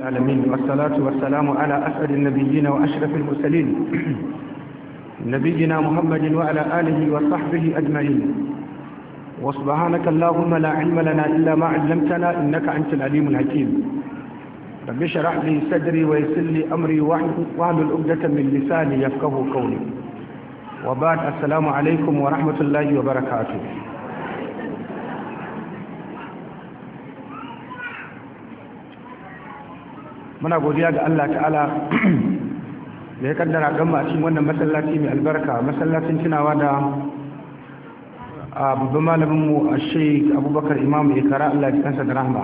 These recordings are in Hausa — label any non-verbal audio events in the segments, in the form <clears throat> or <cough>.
العالمين والصلاة والسلام على أسعد النبيين وأشرف المرسلين <clears throat> نبينا محمد وعلى آله وصحبه أجمعين وسبحانك اللهم لا علم لنا إلا ما علمتنا إنك أنت العليم الحكيم رب اشرح لي صدري ويسر لي أمري واحلل عقدة من لساني يفقه قولي وبعد السلام عليكم ورحمة الله وبركاته muna godiya ga Allah ta'ala <clears throat> da ya kaddara gama a cikin wannan masallaci mai albarka masallacin tunawa da a babban malaminmu a sheik abubakar imamu ikara Allah ya kansa da rahma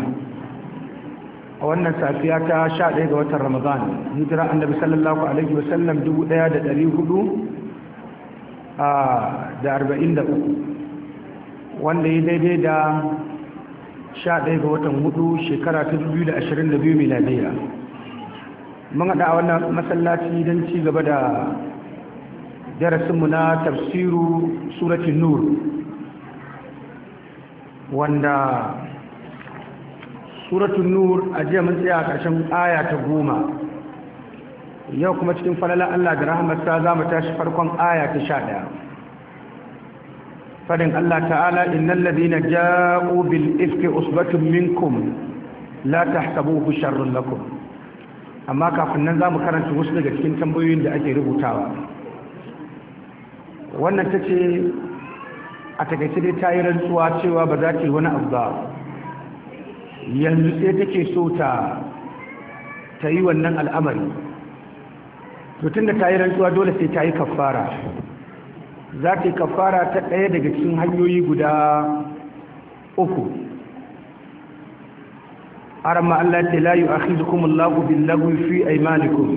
a wannan safiya ta 11 ga watan ramadan hijira annabi sallallahu alaihi wasallam dubu ɗaya da ɗari da arba'in da uku wanda ya daidai da 11 ga watan hudu shekara ta 2022 da ashirin da biyu miladiyya mun haɗa a wannan masallaci don ci gaba da darasinmu na tafsiru suratun nur wanda suratun nur a jiya mun tsaya ƙarshen aya ta goma yau kuma cikin falala Allah da rahamarsa za mu tashi farkon aya ta sha ɗaya fadin Allah ta'ala innal ladina ja'u bil ifki usbatun minkum la tahsabuhu sharrun lakum amma kafin nan za mu karanta wasu daga cikin tambayoyin da ake rubutawa wannan ta ce a takaice dai ta yi rantsuwa cewa ba za ta yi wani abu ba yanzu sai take so ta ta yi wannan al'amari to tunda ta yi rantsuwa dole sai ta yi kafara za ta yi kafara ta ɗaya daga cikin hanyoyi guda uku أرمى التي لا يؤاخذكم الله باللغو في أيمانكم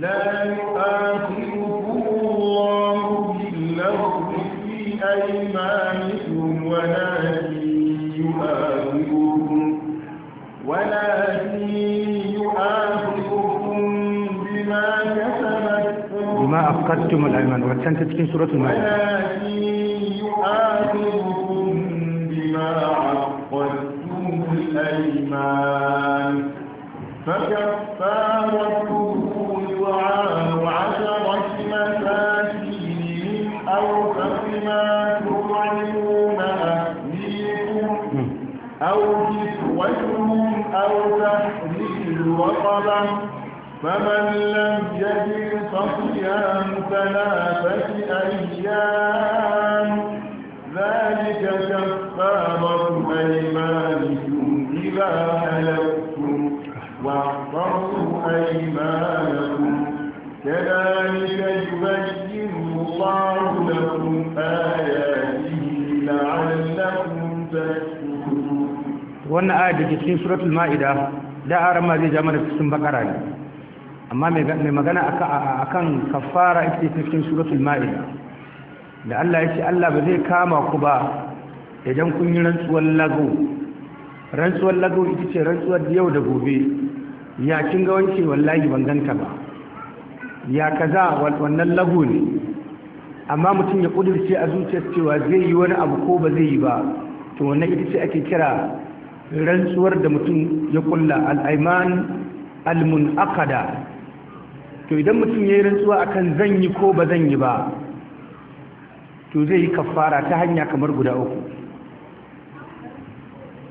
لا يؤخذكم الله باللغو في أيمانكم ولا يؤاخذكم ولا يؤاخذكم بما كسبت بما أفقدتم الأيمان وقد سنتت سورة المائدة الأيمان فكفارته لوعان عشرة مساكين أو أوسط تطعمون أهليكم أو كسوتهم أو تحرير رقبة فمن لم يجد صيام ثلاثة أيام ذلك كفارة بما واحفظوا أيمانكم كذلك يبين الله لكم آياته لعلكم تشكرون wannan aya da ke cikin suratul ma'ida da aran zai ja mana cikin bakara ne amma mai magana akan kafara ita cikin da Allah ya ce Allah ba zai kama ku ba idan kun yi rantsuwar lagu rantsuwar lagos ita ce rantsuwar yau da gobe ya kin ga wanke wallahi ban ka ba ya kaza wannan lago ne amma mutum ya kudirce a zuciyar cewa zai yi wani abu ko ba zai yi ba to wannan ita ce ake kira rantsuwar da mutum ya kulla al'aiman almun akada to idan mutum ya yi rantsuwa akan zan yi ko ba zan yi ba to zai yi kafara ta hanya kamar guda uku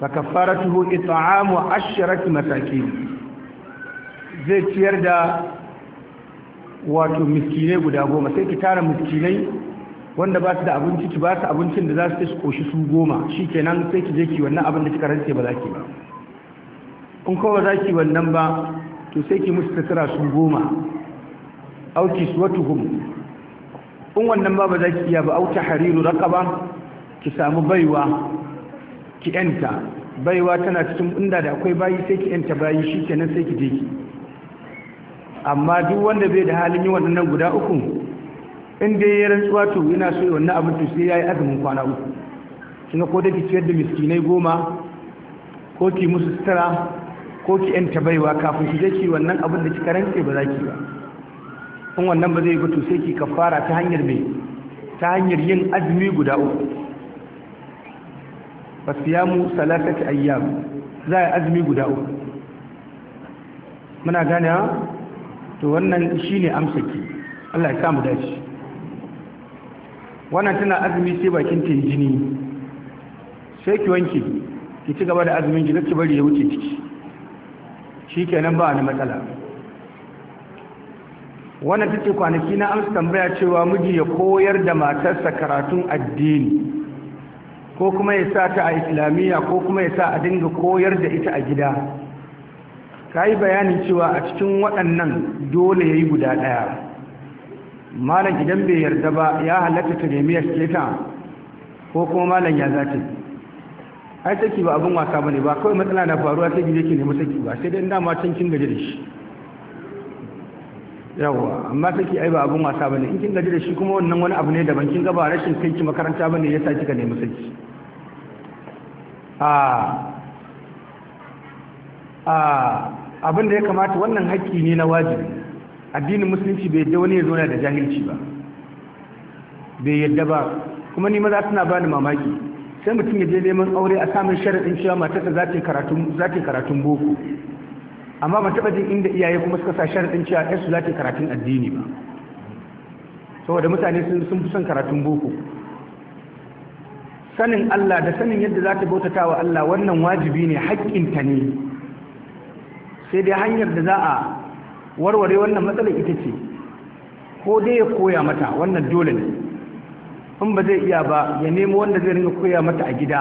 فكفارته إطعام عشرة مساكين zai ciyar da wato مسكيني guda goma sai ki tara miskinai wanda ba su da abincin da za su su koshi su goma shi sai ki je ki wannan abin da kika rantse ba za ki ba in kowa zaki wannan ba to sai ki musu su goma auki su in wannan ba ba za ki iya ba auta hariru raqaba ki samu baiwa ki yanta baiwa tana cikin inda da akwai bayi sai ki yanta bayi shi kenan sai ki je ki amma duk wanda bai da halin yi waɗannan guda uku in dai ya rantsuwa to yana so ya wannan abin to sai yayi azumin kwana uku kinga ko da ki ciyar da miskinai goma ko ki musu sutura ko ki yanta baiwa kafin ki je ki wannan abin da kika rantse ba za ki ba in wannan ba zai ba to sai ki kafara ta hanyar mai ta hanyar yin azumi guda uku fasiyamu siyamu salatati ayyam za a azumi guda uku muna gane to wannan shi ne amsaki Allah ya sa mu dace wannan tana azumi sai bakin tinjini sai ki wanke ki ci gaba da azumin ki ki bari ya wuce ciki shikenan ba wani matsala wannan take kwanaki na amsa tambaya cewa miji ya koyar da matarsa karatun addini ko kuma ya sa ta a islamiyya ko kuma ya sa a dinga koyar da ita a gida ka yi bayanin cewa a cikin waɗannan dole ya yi guda ɗaya malam idan bai yarda ba ya halatta ta nemi ya ta ko kuma malam ya zace ai saki ba abin wasa bane ba kawai matsala na faruwa sai gije ke nemi saki ba sai dai dama can kin gaji da shi yawa amma saki ai ba abin wasa bane in kin gaji da shi kuma wannan wani abu ne daban kin ga ba rashin kai ki makaranta bane yasa kika nemi saki abin da ya kamata wannan haƙƙi ne na wajibi addinin musulunci bai yadda wani ya zo da jahilci ba bai yadda ba kuma ni maza suna bani mamaki sai mutum ya je neman aure a samun sharaɗin cewa matarsa za ta karatun boko amma ban taɓa jin inda iyaye kuma suka sa sharaɗin cewa ɗansu za ta karatun addini ba saboda mutane sun fi son karatun boko sanin Allah da sanin yadda za ta bautata wa Allah wannan wajibi ne haƙƙinta ne sai dai hanyar da za a warware wannan matsalar ita ce ko dai ya koya mata wannan dole ne in ba zai iya ba ya nemo wanda zai ringa koya mata a gida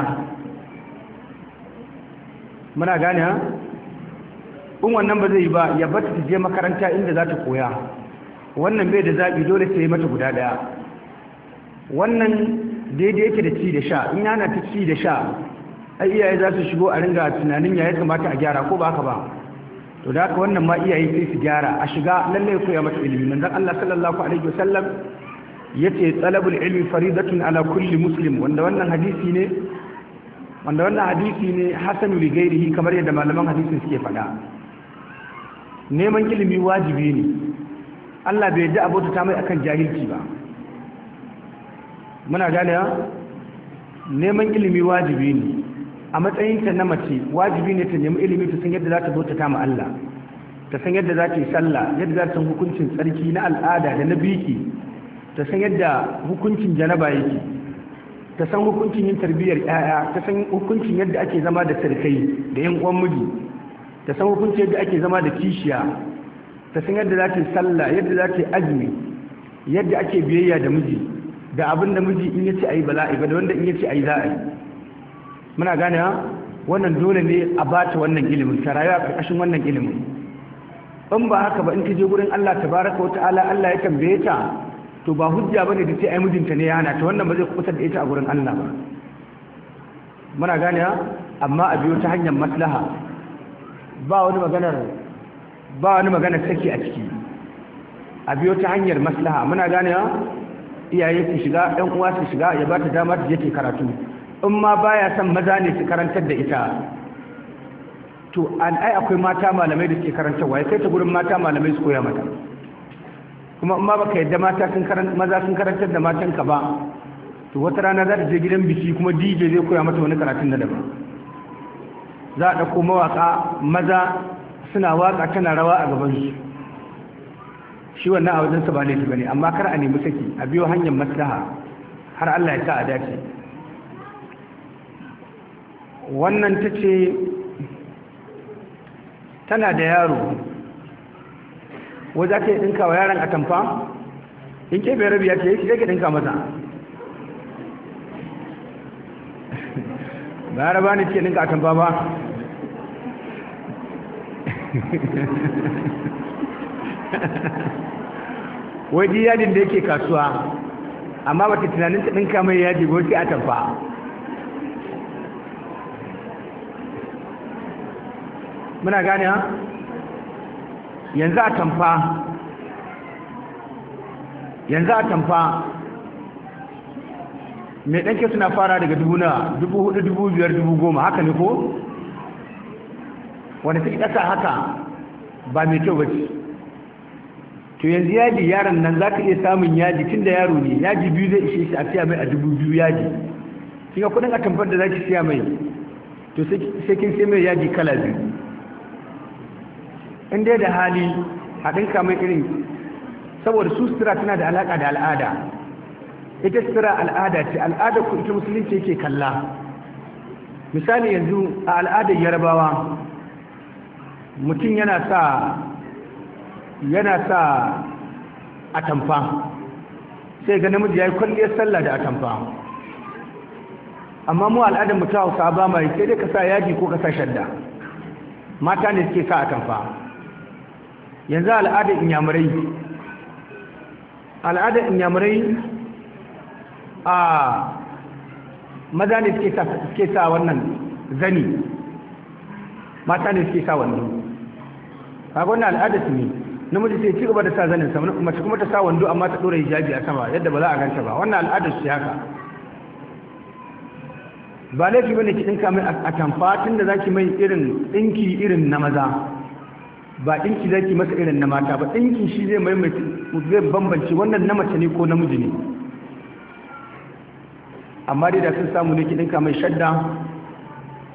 muna gane ha in wannan ba zai yi ba ya bata ta je makaranta inda za ta koya wannan bai da zaɓi dole sai mata guda ɗaya wannan daidai yake da ci da sha in yana ta ci da sha ai iyaye za su shigo a ringa tunanin ya kamata a gyara ko ba haka ba to da haka wannan ma iyaye sai su gyara a shiga lallai koya mata ilimi manzon Allah sallallahu alaihi wasallam yace talabul ilmi faridatun ala kulli muslim wanda wannan hadisi ne wanda wannan hadisi ne hasan li ghairihi kamar yadda malaman hadisi suke faɗa neman ilimi wajibi ne Allah bai yarda abota ta mai akan jahilci ba muna gane neman ilimi wajibi ne a matsayinta na mace wajibi ne ta nemi ilimi ta san yadda za ta ta ma Allah ta san yadda za ta yi sallah yadda za ta san hukuncin tsarki na al'ada da na biki ta san yadda hukuncin janaba yake ta san hukuncin yin tarbiyyar ƴaƴa ta san hukuncin yadda ake zama da sarkai da yan uwan miji ta san hukuncin yadda ake zama da kishiya ta san yadda za ta yi sallah yadda za ta yi azumi yadda ake biyayya da miji da abin da miji in yace ayi bala'i ba da wanda in yace ayi za'a, yi muna gane ha wannan dole ne a bata wannan ilimin ta rayuwa karkashin wannan ilimin in ba haka ba in ta je gurin Allah tabaraka wata'ala Allah ya tambaye ta to ba hujja bane da ce ai mijinta ne ya hana ta wannan ba zai kusa da ita a gurin Allah ba muna gane ha amma a biyo ta hanyar maslaha ba wani maganar ba wani maganar saki a ciki a biyo ta hanyar maslaha muna gane ha iyaye su shiga ɗan uwa su shiga ya ba ta dama ta je ta karatu in ma baya son maza ne su karantar da ita to an ai akwai mata malamai da suke karantarwa ya kai ta gurin mata malamai su koya mata kuma in ma baka yadda mata sun karanta maza sun karantar da matan ka ba to wata rana za ta je gidan biki kuma DJ zai koya mata wani karatun na daban za a ɗauko mawaƙa maza suna waka tana rawa a gaban su shi wannan a wajensa ba laifi bane amma kar a nemi saki a biyo hanyar maslaha har Allah ya sa a dace wannan ta ce tana da yaro wajen za ta yi ɗinka wa yaron atamfa in ke bai rabi ya ce eh, shi zai ɗinka masa <laughs> ba ya raba ne ce ɗinka atamfa ba ha ha ha wai ji yadin da yake kasuwa amma ta tunanin ta ɗinka mai yadi ba sai a tafa muna gane ha yanzu a tamfa yanzu a tamfa mai ɗanke suna fara daga dubu na dubu hudu dubu biyar dubu goma haka ne ko wanda suke ƙasa haka ba mai kyau ba to yanzu yaji yaron nan za ka iya samun yaji tun da yaro ne yaji biyu zai ishe shi a siya mai a dubu biyu yaji kika kudin atamfar da za ki siya mai to sai kin sai mai yaji kala biyu in dai da hali a ɗinka irin saboda su sutura tana da alaƙa da al'ada ita sutura al'ada ce al'ada ku ita musulunci yake kalla misali yanzu a al'adar yarabawa mutum yana sa yana sa atamfa sai ga namiji ya yi kwalliyar sallah da atamfa amma mu al'adar mutuwa hausa ba mai sai dai ka sa yaji ko ka sa shadda mata ne suke sa atamfa yanzu al'adar inyamurai al'adar inyamurai a maza ne suke sa wannan zani mata ne suke sa wannan kaga wannan al'adar su ne namiji sai ci gaba da sa zanin sama mace kuma ta sa wando amma ta dora hijabi a sama yadda ba za a ganta ba wannan al'adar shi haka ba laifi bane ki dinka mai a tamfa tun da zaki mai irin dinki irin na maza ba dinki zaki masa irin na mata ba dinki shi zai mai zai bambance wannan na mace ne ko namiji ne amma dai da sun samu ne ki dinka mai shadda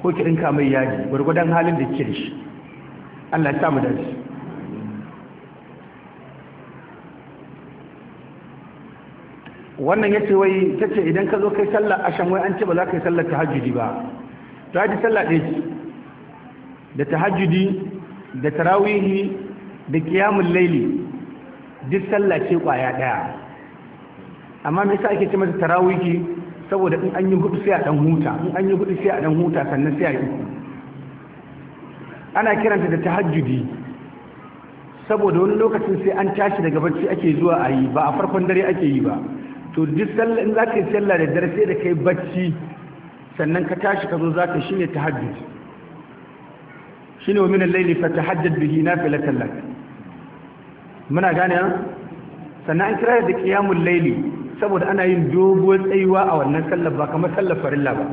ko ki dinka mai yaji gurgudan halin da kike da shi Allah ya sa mu dace wannan ya ce wai ce idan ka zo kai sallar ashan wai an ce ba za ka yi sallar tahajjudi ba to yi sallah ɗaya ce da tahajjudi da tarawihi da kiyamun laili duk sallah ce kwaya ɗaya amma me yasa ake ce masa tarawihi saboda in an yi hudu sai a dan huta in an yi hudu sai a dan huta sannan sai a yi uku ana kiranta da tahajjudi saboda wani lokacin sai an tashi daga barci ake zuwa a yi ba a farkon dare ake yi ba to duk sallah in zaka yi sallah da dare sai da kai bacci sannan ka tashi ka zo zaka shine tahajjud shine wa min al-layli fatahajjad bihi nafilatan lak muna gane sannan an kira da qiyamul layli saboda ana yin dogo tsayuwa a wannan sallar ba kamar sallar farilla ba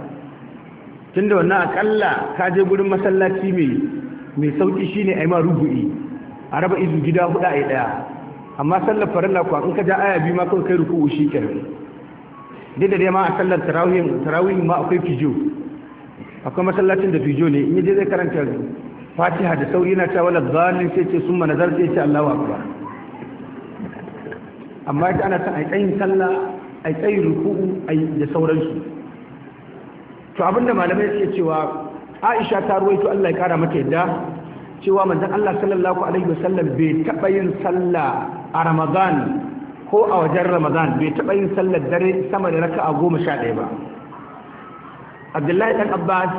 tunda wannan akalla ka je gurin masallaci mai mai sauki shine ai ma rubu'i a raba izu gida huda ai daya amma sallar farilla kuwa in ka ja aya biyu ma kawai kai ruku'u shi kenan duk da dai ma a sallar tarawihin tarawihin ma akwai fijo akwai masallacin da fijo ne in je zai karanta fatiha da sauri na cewa zalin sai ce summa nazar sai ce Allahu akbar amma ita ana san ai tsayin sallah ai tsayin ruku'u ai da sauransu to abinda malamai suke cewa Aisha ta ruwaito Allah ya kara mata yadda cewa manzon Allah sallallahu alaihi wasallam bai taba yin sallah a ramadan ko a wajen ramadan bai taɓa yin sallar dare sama da raka a goma sha ɗaya ba abdullahi ɗan abbas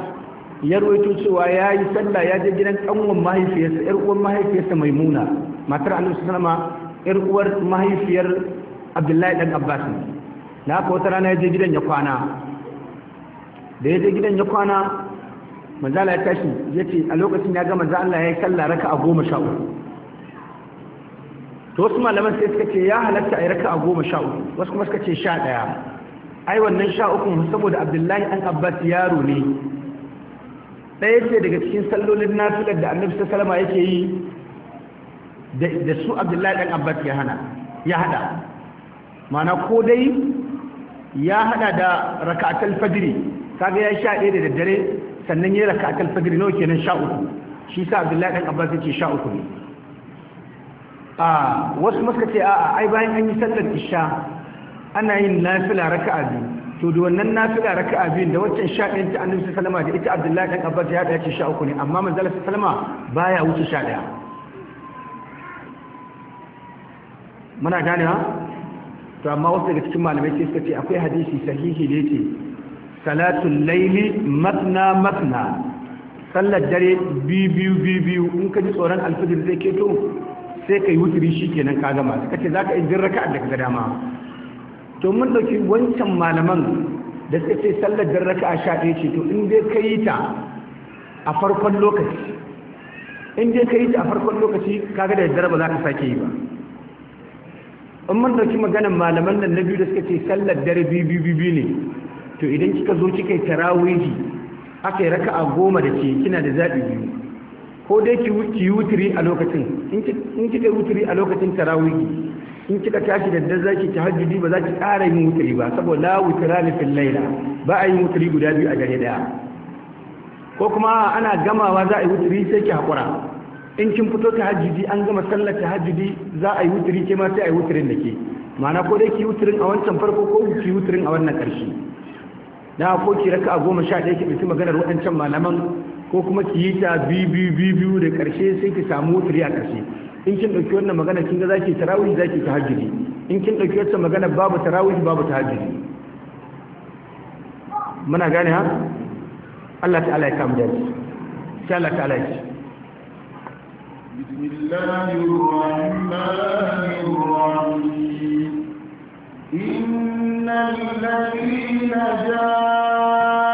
ya ruwaito cewa ya yi sallah ya je gidan ƙanwan mahaifiyarsa ƴar uwar mahaifiyarsa mai Muna matar annabi sama ƴar uwar mahaifiyar abdullahi ɗan abbas ne da haka wata rana ya je gidan ya kwana da ya je gidan ya kwana manzala ya tashi ya ce a lokacin ya ga manzo Allah ya yi sallah raka a goma sha uku to wasu malaman sai suka ce ya halatta a yi raka a goma sha uku wasu kuma suka ce sha ɗaya ai wannan sha uku saboda abdullahi an abbas yaro ne ɗaya ce daga cikin sallolin nafilar da annabi ta salama yake yi da su abdullahi ɗan abbas ya hana ya haɗa mana ko dai ya haɗa da raka'atul fajiri kaga ya sha ɗaya da daddare sannan ya raka'atul fajiri nawa kenan sha uku shi sa abdullahi ɗan abbas ya ce sha uku ne a wasu maska ce a ai bayan an yi sallar isha ana yin nafila raka'a biyu to da wannan nafila raka'a biyu da waccan sha ɗayan ta annabi sallama da ita abdullahi dan abbas ya ce sha uku ne amma manzala sallama baya wuce sha ɗaya muna gane ha to amma wasu daga cikin malamai sai suka ce akwai hadisi sahihi da yake salatul laili matna matna sallar dare biyu biyu biyu in ka ji tsoron alfijir zai keto sai ka yi wuturi shi kenan ka gama suka ce za ka yi raka a daga dama to mun ɗauki wancan malaman da suka ce sallar da a sha ɗaya ce to in dai ka yi ta a farkon lokaci in dai ka yi ta a farkon lokaci kaga da yadda ba za ka sake yi ba in mun ɗauki maganar malaman nan na biyu da suka ce sallar dare biyu biyu biyu ne to idan kika zo kika yi tarawihi aka yi raka a goma da ke kina da zaɓi biyu ko dai ki yi wuturi a lokacin in kika wuturi a lokacin tarawihi in kika tashi da daddar zaki ta hajjudi ba za ki ƙara yin wuturi ba saboda la wutura ni fil laila ba a yin wuturi guda biyu a dare daya ko kuma ana gamawa za a yi wuturi sai ki haƙura in kin fito ta hajjudi an gama sallar ta hajjudi za a yi wuturi ke ma sai a yi wuturin da ke ma'ana ko dai ki yi wuturin a wancan farko ko ki yi wuturin a wannan ƙarshe na ko ki raka a goma sha ɗaya ki ɗauki maganar waɗancan malaman ko kuma ki yi ta biyu biyu biyu da karshe sai ki samu wuturi a ƙarshe. in kin ɗauki wannan magana kin ga zaki tarawih zaki tahajjudi in kin ɗauki wata magana babu tarawih babu tahajjudi muna gane ha Allah ta'ala ya kamu da shi Allah ta'ala ya bismillahir Bismillahirrahmanirrahim innal ladina jaa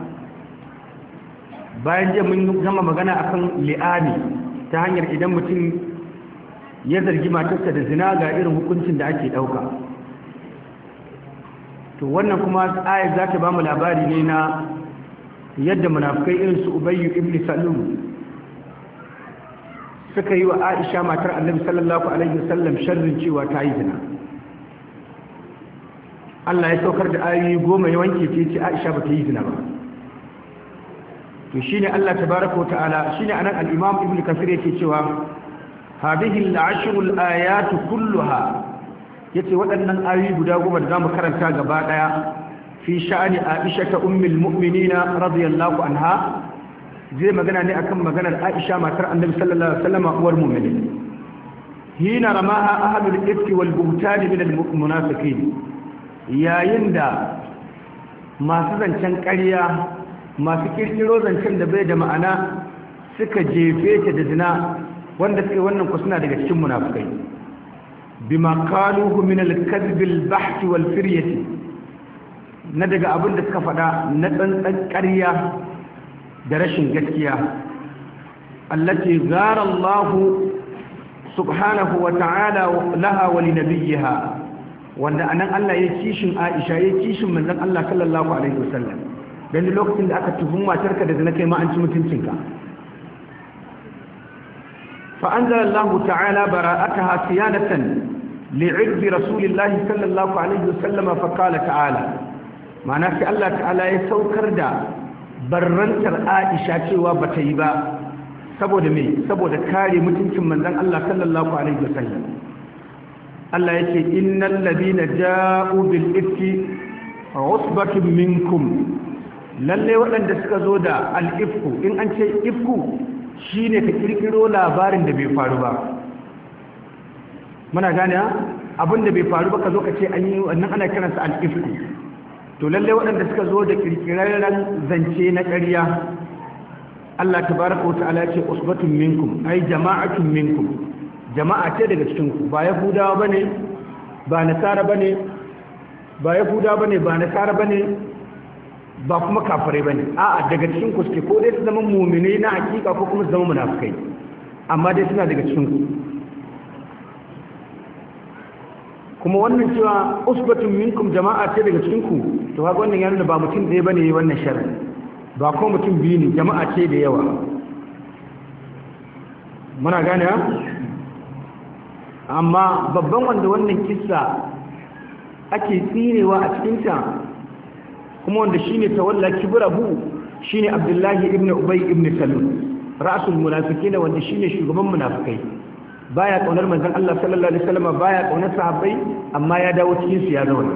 bayan jiya mun gama magana akan li'ani ta hanyar idan mutum ya zargi matarsa da zina ga irin hukuncin da ake ɗauka to wannan kuma ayar za ta ba mu labari ne na yadda munafikai irin su ubayyu ibn salum suka yi wa aisha matar annabi sallallahu alaihi wasallam sharrin cewa ta yi zina Allah ya saukar da ayoyi goma ya wanke ce aisha ba ta yi zina ba to shine Allah tabaaraka wa ta'ala shine anan al-Imam Ibn Kathir yake cewa hadhihi al-ashrul ayatu kulluha yace waɗannan ayoyi guda goma da zamu karanta gaba daya fi sha'ani Aisha ta ummul mu'minina radiyallahu anha zai magana ne akan maganar Aisha matar Annabi sallallahu alaihi wasallam uwar mu'minin hina ramaha ahlul ifki wal buhtani min al-munafiqin yayin da masu zancen ƙarya masu kirkiro zancen da bai da ma'ana suka jefe ta da zina wanda suke wannan ku suna daga cikin munafukai bima qaluhu min al-kadhb al-bahth wal firyati na daga abin da suka faɗa na tsantsan ƙarya da rashin gaskiya allati zara Allah subhanahu wa ta'ala laha wa li nabiyha wanda anan Allah ya kishin Aisha ya kishin manzon Allah sallallahu alaihi wasallam Dani lokacin da aka tuhun matar ka daga na kai ma'anci mutuncinka fa'anzar allahu ta'ala bara aka hasi yanatan li'irbi rasulillahi sallallahu alaihi wasallam a fakala ta'ala mana fi allah ta'ala ya saukar da barrantar aisha cewa ba ta yi ba saboda mai saboda kare mutuncin manzan allah sallallahu alaihi wasallam Allah ya ce, Innan labi na ja’ubin iski a wasu bakin minkum, lalle waɗanda suka zo da al'ifku in an ce ifku shine ka kirkiro labarin da bai faru ba muna gane abin da bai faru ba ka zo ka ce an yi wannan ana kiransa al'ifku to lalle waɗanda suka zo da kirkirarren zance na ƙarya Allah baraka wa ta'ala ce usbatun minkum ai jama'atun minkum jama'a ce daga cikin ku ba ya hudawa ba nasara ba yahudawa bane ba nasara bane ba kuma kafirai bane a'a daga cikin ku suke ko dai su zama mu'minai na hakika ko kuma su zama munafikai amma dai suna daga cikin ku kuma wannan cewa usbatun minkum jama'a ce daga cikin ku to kaga wannan yana ba mutum ɗaya bane yayin wannan sharri ba ko mutum biyu ne jama'a ce da yawa muna gane amma babban wanda wannan kissa ake tsinewa a cikin ta. kuma wanda shi ne tawalla shi ne abdullahi ibn ubay ibn salul ra'sul munafiqina wanda shi ne shugaban munafikai baya kaunar manzon Allah sallallahu alaihi wasallam baya kaunar sahabbai amma ya dawo cikin su ya zauna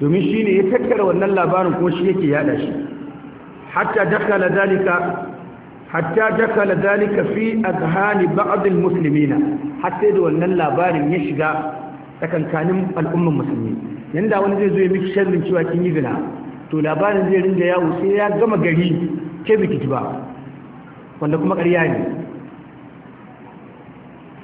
domin shi ne ya tattara wannan labarin kuma shi yake yada shi hatta dakala dalika hatta dakala dalika fi adhani ba'd almuslimina hatta da wannan labarin ya shiga tsakankanin al'umman musulmi yanda wani zai zo ya miki sharrin cewa kin yi zina to labarin zai rinda yawo sai ya gama gari ke bikiti ba wanda kuma ƙarya ne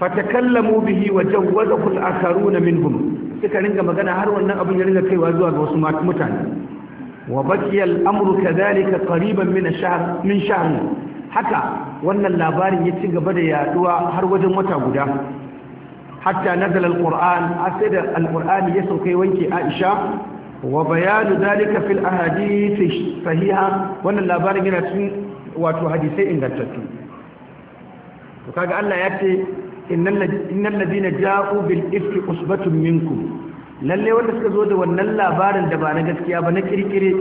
fatakallamu bihi wa jawwazahu al-akharuna minhum suka ringa magana har wannan abin ya ringa kaiwa zuwa ga wasu mutane wa baqiya al-amru kadhalika qariban min ash-shahr min shahr haka wannan labarin ya ci gaba da yaduwa har wajen wata guda hatta nazala alquran asida alqurani ya sauke wanke aisha wa bayanu dalika fil ahadith sahiha wannan labarin yana cikin wato hadisai ingantattu to kaga Allah ya ce innal ladina ja'u bil ifki usbatun minkum lalle wanda suka zo da wannan labarin da ba na gaskiya ba na kirkire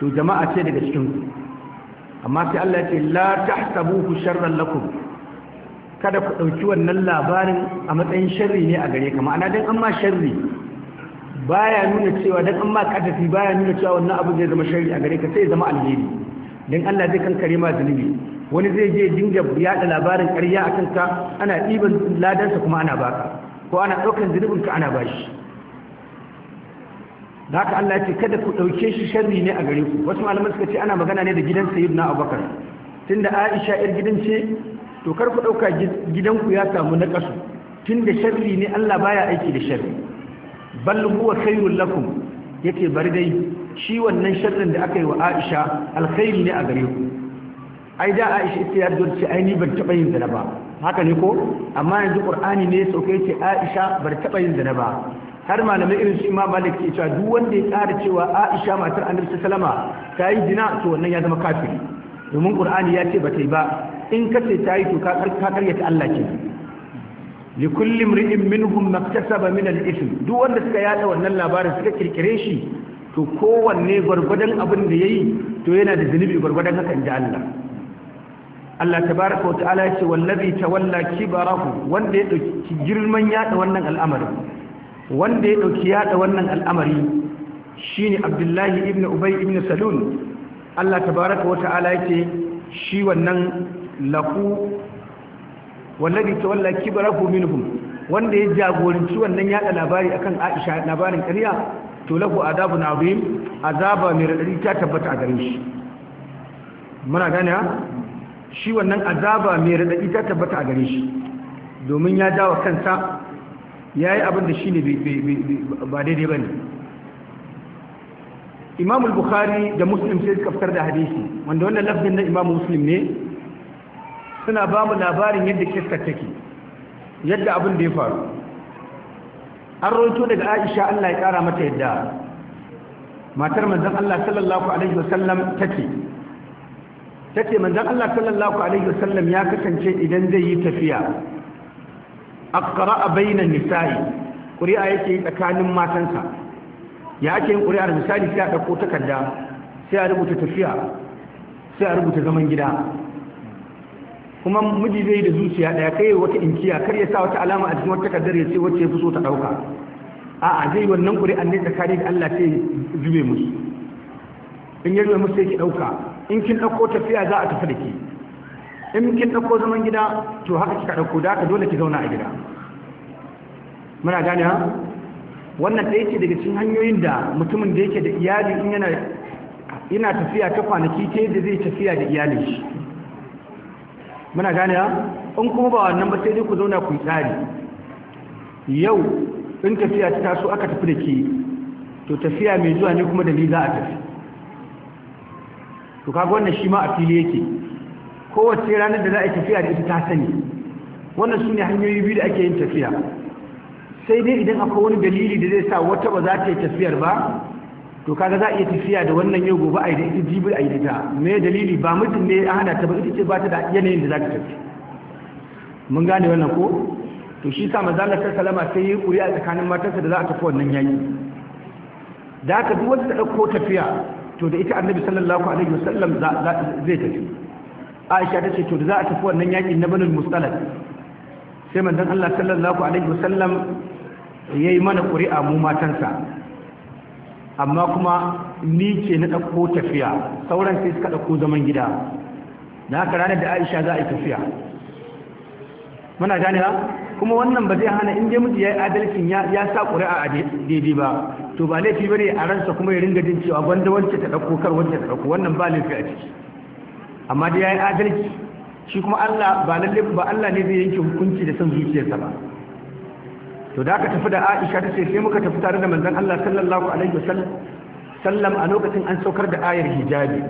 to jama'a ce daga cikin ku amma sai Allah ya ce la tahsabuhu sharran lakum kada ku ɗauki wannan labarin a matsayin sharri ne a gare ka ma'ana don an ma sharri baya nuna cewa don an ma kadafi baya nuna cewa wannan abu zai zama sharri a gare ka sai zama alheri don Allah zai kankare ma zunubi wani zai je dinga yaɗa labarin ƙarya a ka ana ɗiban ladansa kuma ana baka ko ana ɗaukar ka ana bashi da haka Allah ce kada ku ɗauke shi sharri ne a gare ku wasu malaman suka ce ana magana ne da gidan sayyidina abubakar tunda aisha yar gidan ce to kar ku ɗauka gidanku ya samu na ƙasu tun da sharri ne Allah baya aiki da sharri bal huwa khairul lakum yake bari dai shi wannan sharrin da aka yi wa Aisha alkhairi ne a gare ku ai da Aisha ita ya ce ai ni ban taba yin zina ba haka ne ko amma yanzu Qur'ani ne sauke ce Aisha bar taba yin zina ba har malamai irin su ma Malik ke cewa duk wanda ya tsara cewa Aisha matar Annabi sallama ta yi zina to wannan ya zama kafiri domin Qur'ani ya ce ba ta yi ba in ka ce ta yi to ka ta Allah ke li kullum ri'in minhum maktasaba min al-ithm duk wanda suka yada wannan labarin suka kirkire shi to kowanne gwargwadon abin da yayi to yana da zunubi gwargwadon hakan da Allah Allah tabaraka wa ta'ala ce wallazi tawalla kibarahu wanda ya dauki girman yada wannan al'amari wanda ya dauki yada wannan al'amari shine Abdullahi ibn Ubay ibn Salul Allah tabaraka wa ta'ala ce shi wannan lahu wallazi tawalla kibrahu minhum wanda ya jagoranci wannan yada labari akan Aisha labarin ƙarya to lahu adabun azim azaba mai radadi ta tabbata a gare shi muna gane shi wannan azaba mai radadi ta tabbata a gare shi domin ya dawo kansa yayi abin da shine ba daidai bane Imam al-Bukhari da Muslim sai suka fitar da hadisi wanda wannan lafzin na Imam Muslim ne suna ba mu labarin yadda kista take yadda abin da ya faru an roito daga aisha allah ya kara mata yadda matar manzan allah sallallahu alaihi wasallam take take manzan allah sallallahu alaihi wasallam ya kasance idan zai yi tafiya a a bainan nisa'i ƙuri'a yake tsakanin matansa ya ake yin ƙuri'ar misali sai a ɗauko takarda sai a rubuta tafiya sai a rubuta zaman gida kuma miji zai da zuciya daya kai wata inkiya kar ya sa wata alama a cikin wata takardar ya ce wacce ya fi so ta dauka a'a zai wannan ƙuri'an ne tsakani da Allah sai zube musu in ya zube musu sai ki dauka in kin dauko tafiya za a tafi da ki in kin dauko zaman gida to haka kika dauko da haka dole ki zauna a gida muna gane ha wannan ɗaya ce daga cikin hanyoyin da mutumin da yake da iyali in yana yana tafiya ta kwanaki ta yadda zai tafiya da iyalin shi muna gane ya in kuma ba wannan ba sai dai ku zauna ku tsari yau in tafiya ta taso aka tafi da ke to tafiya mai zuwa ne kuma da a tafi to kaga wannan shi ma a fili yake kowace ranar da za a yi tafiya da ita ta sani wannan su ne hanyoyi biyu da ake yin tafiya sai dai idan akwai wani dalili da zai sa wata ba za ta yi tafiyar ba to kaga za a iya tafiya da wannan yau gobe a yi da ita jibi a yi da ita me dalili ba mutum ne a hana ta ba ita ce ba ta da yanayin da za ta tafi mun gane wannan ko to shi sa mazalar ta salama sai yi kuri a tsakanin matarsa da za a tafi wannan yayi da aka duk wanda ta ɗauko tafiya to da ita annabi sallallahu alaihi wasallam zai tafi aisha ta ce to da za a tafi wannan yaƙin na banul musalat sai manzon Allah sallallahu alaihi wasallam yayi mana ƙuri'a mu matansa amma kuma ni ce na ɗauko tafiya sauran sai suka ɗauko zaman gida na haka ranar da aisha za a yi tafiya muna gane ba kuma wannan ba zai hana inda miji ya yi adalcin ya sa ƙuri'a a daidai ba to ba laifi ba ne a ransa kuma ya ringa jin cewa gwanda wacce ta ɗauko kar wacce ta ɗauko wannan ba laifi a ciki amma dai ya yi adalci shi kuma allah ba lallai ba allah ne zai yanke hukunci da son zuciyarsa ba to da aka tafi da Aisha ta ce sai muka tafi tare da manzon Allah sallallahu alaihi wasallam a lokacin an saukar da ayar hijabi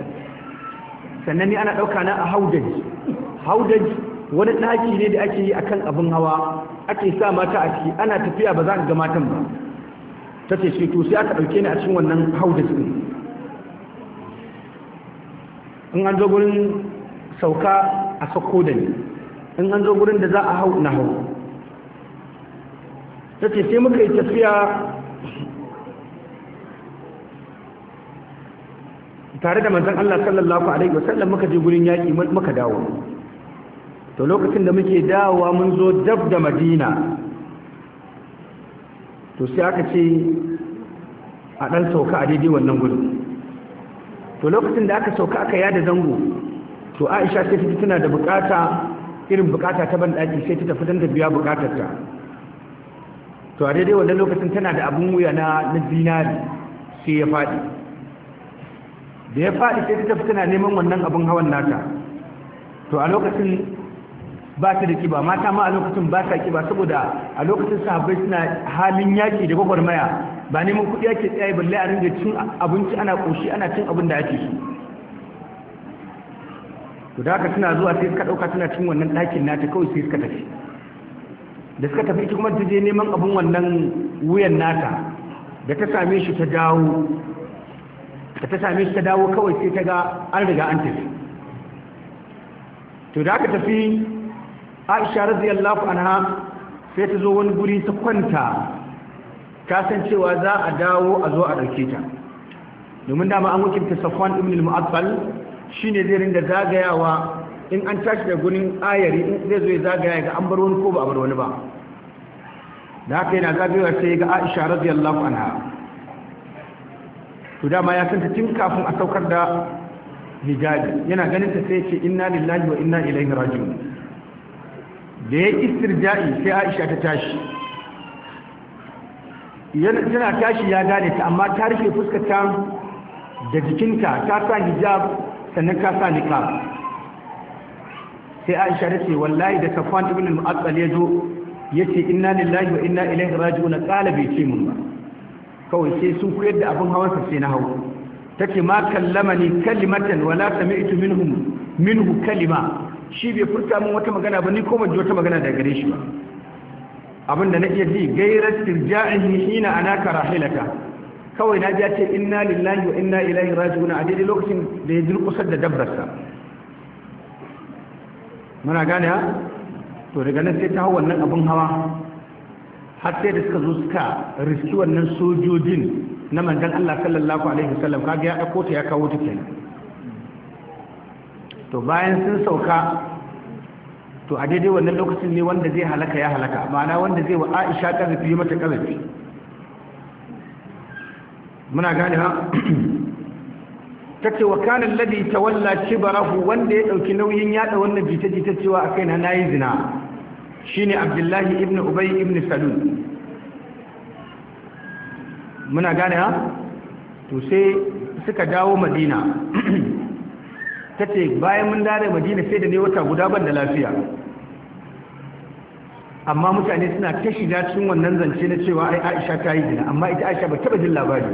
sannan ni ana dauka na a haudaji haudaji wani daki ne da ake yi akan abin hawa ake sa mata a ciki ana tafiya ba za ka ga matan ba ta ce shi to sai aka dauke ni a cikin wannan haudaji in an zo gurin sauka a sako da ni in an zo gurin da za a hau na hau ta ce sai muka yi tafiya tare da manzan Allah sallallahu alaihi wasallam muka je gurin yaƙi muka dawo to lokacin da muke dawowa mun zo dab da madina to sai aka ce a ɗan sauka a daidai wannan gudun to lokacin da aka sauka aka yada zango to aisha sai ta tana da bukata irin bukata ta banɗaki sai ta tafi don ta biya bukatarta to a daidai wannan lokacin tana da abin wuya na zinari sai ya faɗi da ya faɗi sai ta tafi tana neman wannan abin hawan nata to a lokacin ba ta da kiba mata ma a lokacin ba ta kiba saboda a lokacin sahabbai suna halin yaƙi da gwagwarmaya ba neman kuɗi ake tsaye balle a ringa cin abinci ana ƙoshi ana cin abin da ake so to da haka suna zuwa sai suka ɗauka suna cin wannan ɗakin nata kawai sai suka tafi da suka tafi ita kuma ta je neman abin wannan wuyan nata da ta same shi ta dawo da ta same shi ta dawo kawai sai ta ga an riga an tafi to da aka tafi aisha radiyallahu anha sai ta zo wani guri ta kwanta ta san cewa za a dawo a zo a ɗauke ta domin dama an wakilta safwan ibn al shi shine zai da zagayawa in an tashi da gunin ayari in zai zo ya zagaya ga an bar wani ko ba a bar wani ba da haka yana zagayewa sai ga Aisha radiyallahu anha to dama ya san tun kafin a saukar da hijabi yana ganin ta sai ce inna lillahi wa inna ilaihi raji'un da ya istirja'i sai Aisha ta tashi yana tashi ya gane ta amma ta rufe fuskar ta da jikinta ta sa hijab sannan ta sa niqab sai aisha ta ce wallahi da safwan ibn al-mu'attal ya zo yace inna lillahi wa inna ilaihi raji'un qala bi ce mun ba kawai sai sun koyar da abin hawansa sai na hawo take ma kallamani kalimatan wala sami'tu minhum minhu kalima shi bai furta min wata magana ba ni ko ban ji wata magana daga gare shi ba abin da na iya ji gaira sirja'ihi hina anaka rahilaka kawai na ji ce inna lillahi wa inna ilaihi raji'un a daidai lokacin da ya durkusar da dabbarsa muna gane ha to daga nan sai ta hau wannan abin hawa har sai da suka zo suka riski wannan sojojin na manzon Allah sallallahu alaihi wasallam kaga ya dauko ta ya kawo ta kenan to bayan sun sauka to a daidai wannan lokacin ne wanda zai halaka ya halaka ma'ana wanda zai wa Aisha kazafi mata kazafi muna gane ha tace wa kana ta tawalla barahu, wanda ya ɗauki nauyin yada wannan jita-jita cewa akai na nayi zina shine Abdullahi ibn Ubay ibn Salul muna gane ha to sai suka dawo Madina <clears throat> tace bayan mun dare Madina sai da ne wata guda ban da lafiya amma mutane suna ta shiga cikin wannan zance na cewa ai Aisha ta yi zina amma ita Aisha ba taba jin labari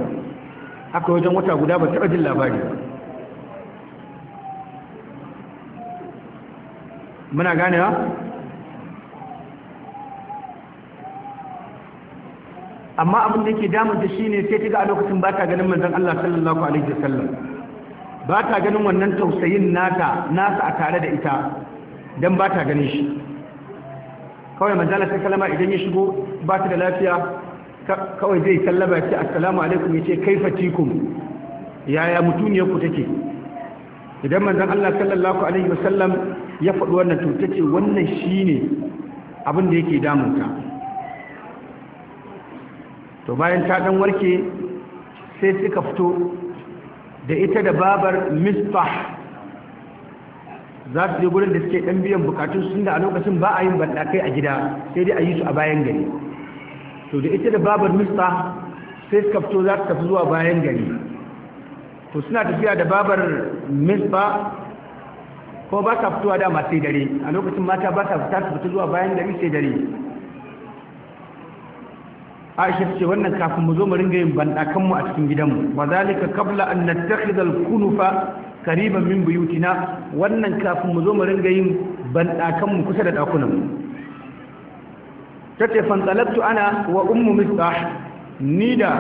aka wajen wata guda ba taɓa jin labari muna gane ba? amma abin da yake shi ne sai kiga a lokacin ba ta ganin manzan Allah sallallahu alaihi wasallam ba ta ganin wannan tausayin nata nasa a tare da ita don ba ta ganin shi kawai manzon Allah sallallahu idan ya shigo ba ta da lafiya kawai zai sallaba ya ce assalamu alaikum ya ce kaifa yaya mutuniyar ku take idan manzon Allah sallallahu alaihi wasallam ya faɗi wannan to tace wannan shine abin da yake damunta to bayan ta dan warke sai suka fito da ita da babar mistah za su je gurin da suke ɗan biyan bukatun sun da a lokacin ba a yin banɗakai a gida sai dai a yi su a bayan gari to da ita da babar mista sai suka fito za su tafi zuwa bayan gari to suna tafiya da babar mista ko ba ta fitowa dama sai dare a lokacin mata ba ta fita su fita zuwa bayan gari sai dare aisha ce wannan kafin mu zo mu ringa yin bandakanmu a cikin gidanmu wa ka qabla an na al-kunufa kariban min buyutina wannan kafin mu zo mu ringa yin bandakanmu kusa da ɗakunanmu tace fantalabtu ana wa ummu mistah ni da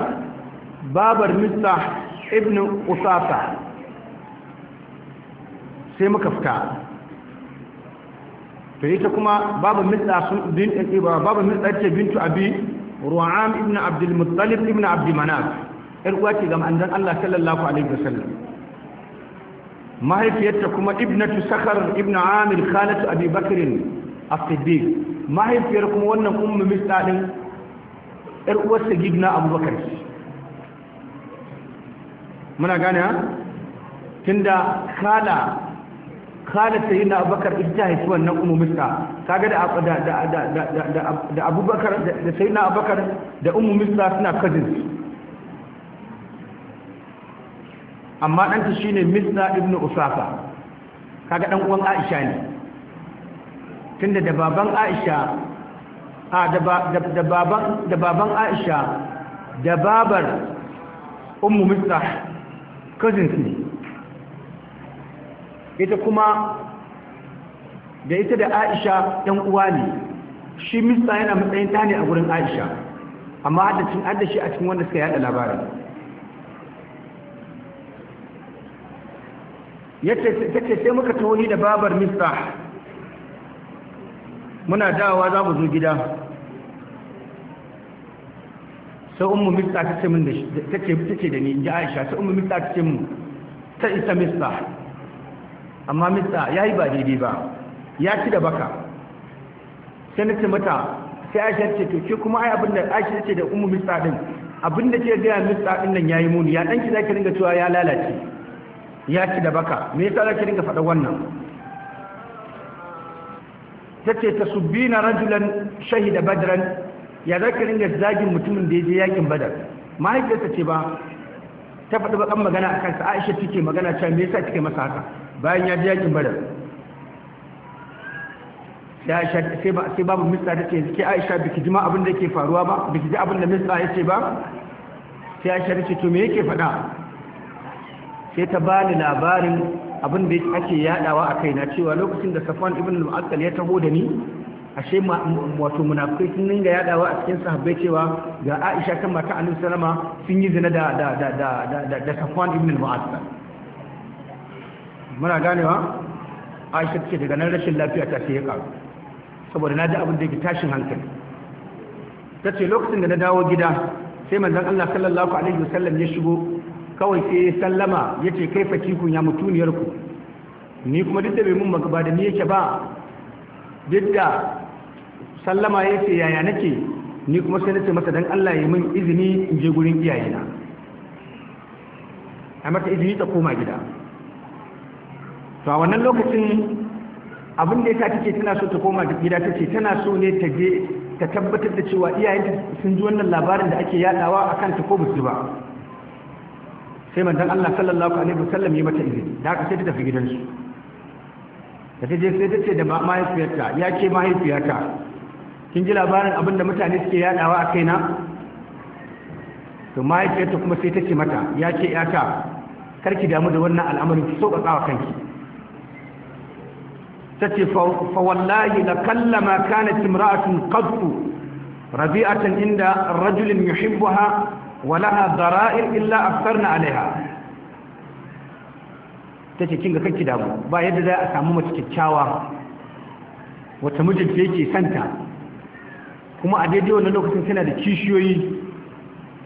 babar mistah ibn usasa sai muka fita to ita kuma babar mistah bin eh, babar mistah ce bintu abi ru'am ibn abdul muttalib ibn abdul manaf yar uwa ce ga manzon Allah sallallahu alaihi wasallam mahaifiyarta kuma ibnatu sakhar ibn amir khalatu abi bakr as-siddiq mahaifiyar kuma wannan ummu mista din yar uwarsa gidna abubakar muna gane tunda kala kala yi na abubakar ita haifi wannan ummu mista kaga da da da da da abubakar da na abubakar da ummu mista suna cousins amma ɗanta shine mista ibnu usafa kaga dan uwan aisha ne tunda da baban Aisha a da baban da baban Aisha da babar Ummu Mustah cousins ne ita kuma da ita da Aisha ɗan uwa ne shi Mustah yana matsayin ta ne a gurin Aisha amma haddacin haddashi a cikin wanda suka yada labarin yace take sai muka tawo ni da babar Mustah muna dawowa za mu zo gida sai umu mista ta ce min da ta ce da ni ji aisha sai umu mista ta ce min ta isa mista amma mista ya yi ba daidai ba ya ci da baka sai na ce mata sai aisha ce to ke kuma ai abin da aisha ce da umu mista din abin da ke gaya mista din nan ya yi muni ya ɗanki za ki ringa cewa ya lalace ya ci da baka me yasa za ki ringa faɗa wannan ta ce ta subbina rajulan shahida badran ya zarka ringa zagin mutumin da ya je yakin badar mahaifiyarta ce ba ta faɗi bakan magana a kansa aisha take magana cewa me yasa kike masa haka bayan ya je yakin badar sai babu mista ta ce yanzu ke aisha biki jima abin da ke faruwa ba biki ji abin da mista ya ce ba sai aisha ta ce to me yake faɗa sai ta bani labarin abin da ake yadawa a kaina cewa lokacin da safwan ibn al-mu'attal ya taho da ni ashe wato munafikai sun dinga yadawa a cikin sahabbai cewa ga Aisha kan mata Annabi sallama sun yi zina da da da da da, da Safwan ibn al-Mu'attal muna ganewa Aisha ce daga nan rashin lafiya ta sai ya karu saboda na ji abin da yake tashin hankali tace lokacin da na dawo gida sai manzon Allah sallallahu alaihi wasallam ya shigo kawai sai ya sallama ya ce kai fakikun ya ku ni kuma duk da bai mun ba da ni yake ba duk da sallama ya ce yaya nake ni kuma sai na ce masa don Allah ya min izini in je gurin iyayena a mata izini ta koma gida to a wannan lokacin abin da ya ta take tana so ta koma gida ta ce tana so ne ta je ta tabbatar da cewa iyayenta sun ji wannan labarin da ake yadawa akan ta ko ba sai manzon Allah sallallahu alaihi wasallam yi mata izini da aka sai ta tafi gidansu da ta je sai ta ce da mahaifiyarta ya ce mahaifiyarta kin ji labarin abin da mutane suke yadawa a kaina to mahaifiyarta kuma sai ta ce mata ya ce yata karki damu da wannan al'amarin ki sauƙaƙa wa kanki ta ce fa wallahi la kallama kanat imra'atun qaddu rabi'atan inda rajulin yuhibbuha walaha zara'ir illa afsarna alaiha tace kin ga kanki damu ba yadda za a samu mace kyakkyawa wata mijinta yake santa kuma a daidai wannan lokacin tana da kishiyoyi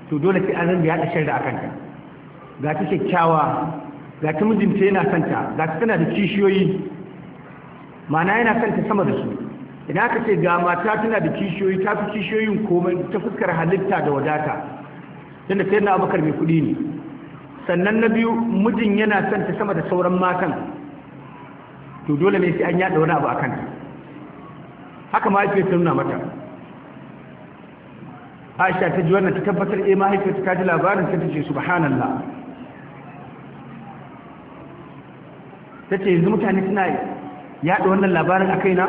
to dole sai an zanga yada sharri akan ta ga ta kyakkyawa ga ta mijinta yana santa ga ta tana da kishiyoyi ma'ana yana santa sama da su idan aka ce ga mata tana da kishiyoyi ta fi kishiyoyin komai ta fuskar halitta da wadata tunda sai na abubakar mai kuɗi ne sannan na biyu mijin yana son ta sama da sauran matan to dole ne sai an yaɗa wani abu a ta haka mahaifiyar ta nuna mata aisha ta ji wannan ta tabbatar eh mahaifiyar ta ji labarin ta ce subhanallah ta ce yanzu mutane suna yaɗa wannan labarin a kaina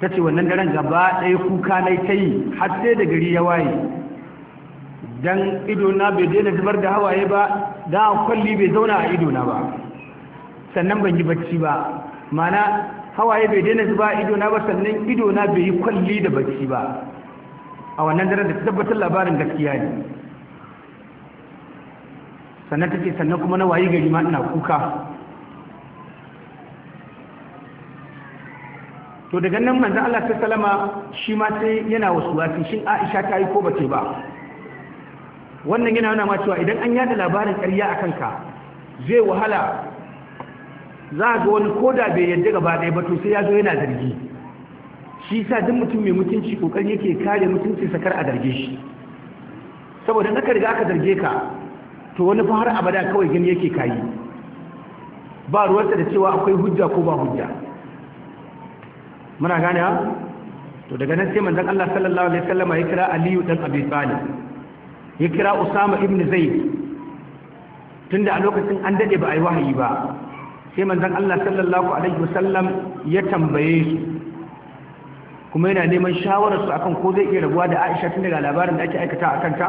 ta ce wannan daren gaba ɗaya kuka na ta yi har sai da gari ya waye dan idona bai daina zubar da hawaye ba da kwalli bai zauna a idona ba sannan ban yi bacci ba mana hawaye bai daina zuba a idona ba sannan idona bai yi kwalli da bacci ba a wannan daren da tabbatar labarin gaskiya ne sannan take sannan kuma na wayi gari ma ina kuka to daga nan manzan Allah ta salama shi ma sai yana wasu wasi shin Aisha ta yi ko ba ce ba wannan yana nuna ma cewa idan an yada labarin ƙarya a kanka zai wahala za a ga wani koda bai yadda gaba ɗaya ba to sai ya zo yana zargi shi sa duk mutum mai mutunci kokari yake kare mutunci sakar a zarge shi saboda na riga aka zarge ka to wani fa har abada kawai gani yake kayi ba ruwarsa da cewa akwai hujja ko ba hujja muna gane to daga nan sai manzon Allah sallallahu alaihi wasallam ya kira Aliyu dan Abi Talib ya kira usama ibn zaid tunda a lokacin an dade ba a yi wahayi ba sai manzon Allah sallallahu alaihi wasallam ya tambaye su kuma yana neman shawararsu su akan ko zai iya rabuwa da Aisha tun daga labarin da ake aikata a kanta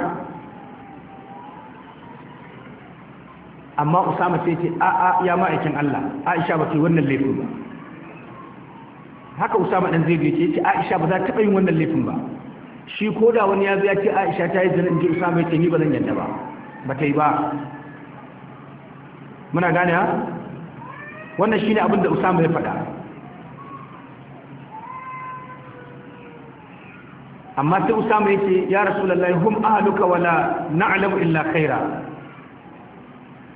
amma Usama sai ce a a ya ma'aikin Allah Aisha ba ta yi wannan laifin ba haka Usama dan zai ce Aisha ba za ta taɓa yin wannan laifin ba shi ko da wani ya biya ce aisha ta yi zinin jin sa mai ni ba zan yadda ba ba ta yi ba muna gane ha wannan shi ne abinda usama ya faɗa amma sai usama ya ce ya rasu lallai hum ahaluka wala na'alamu illa khaira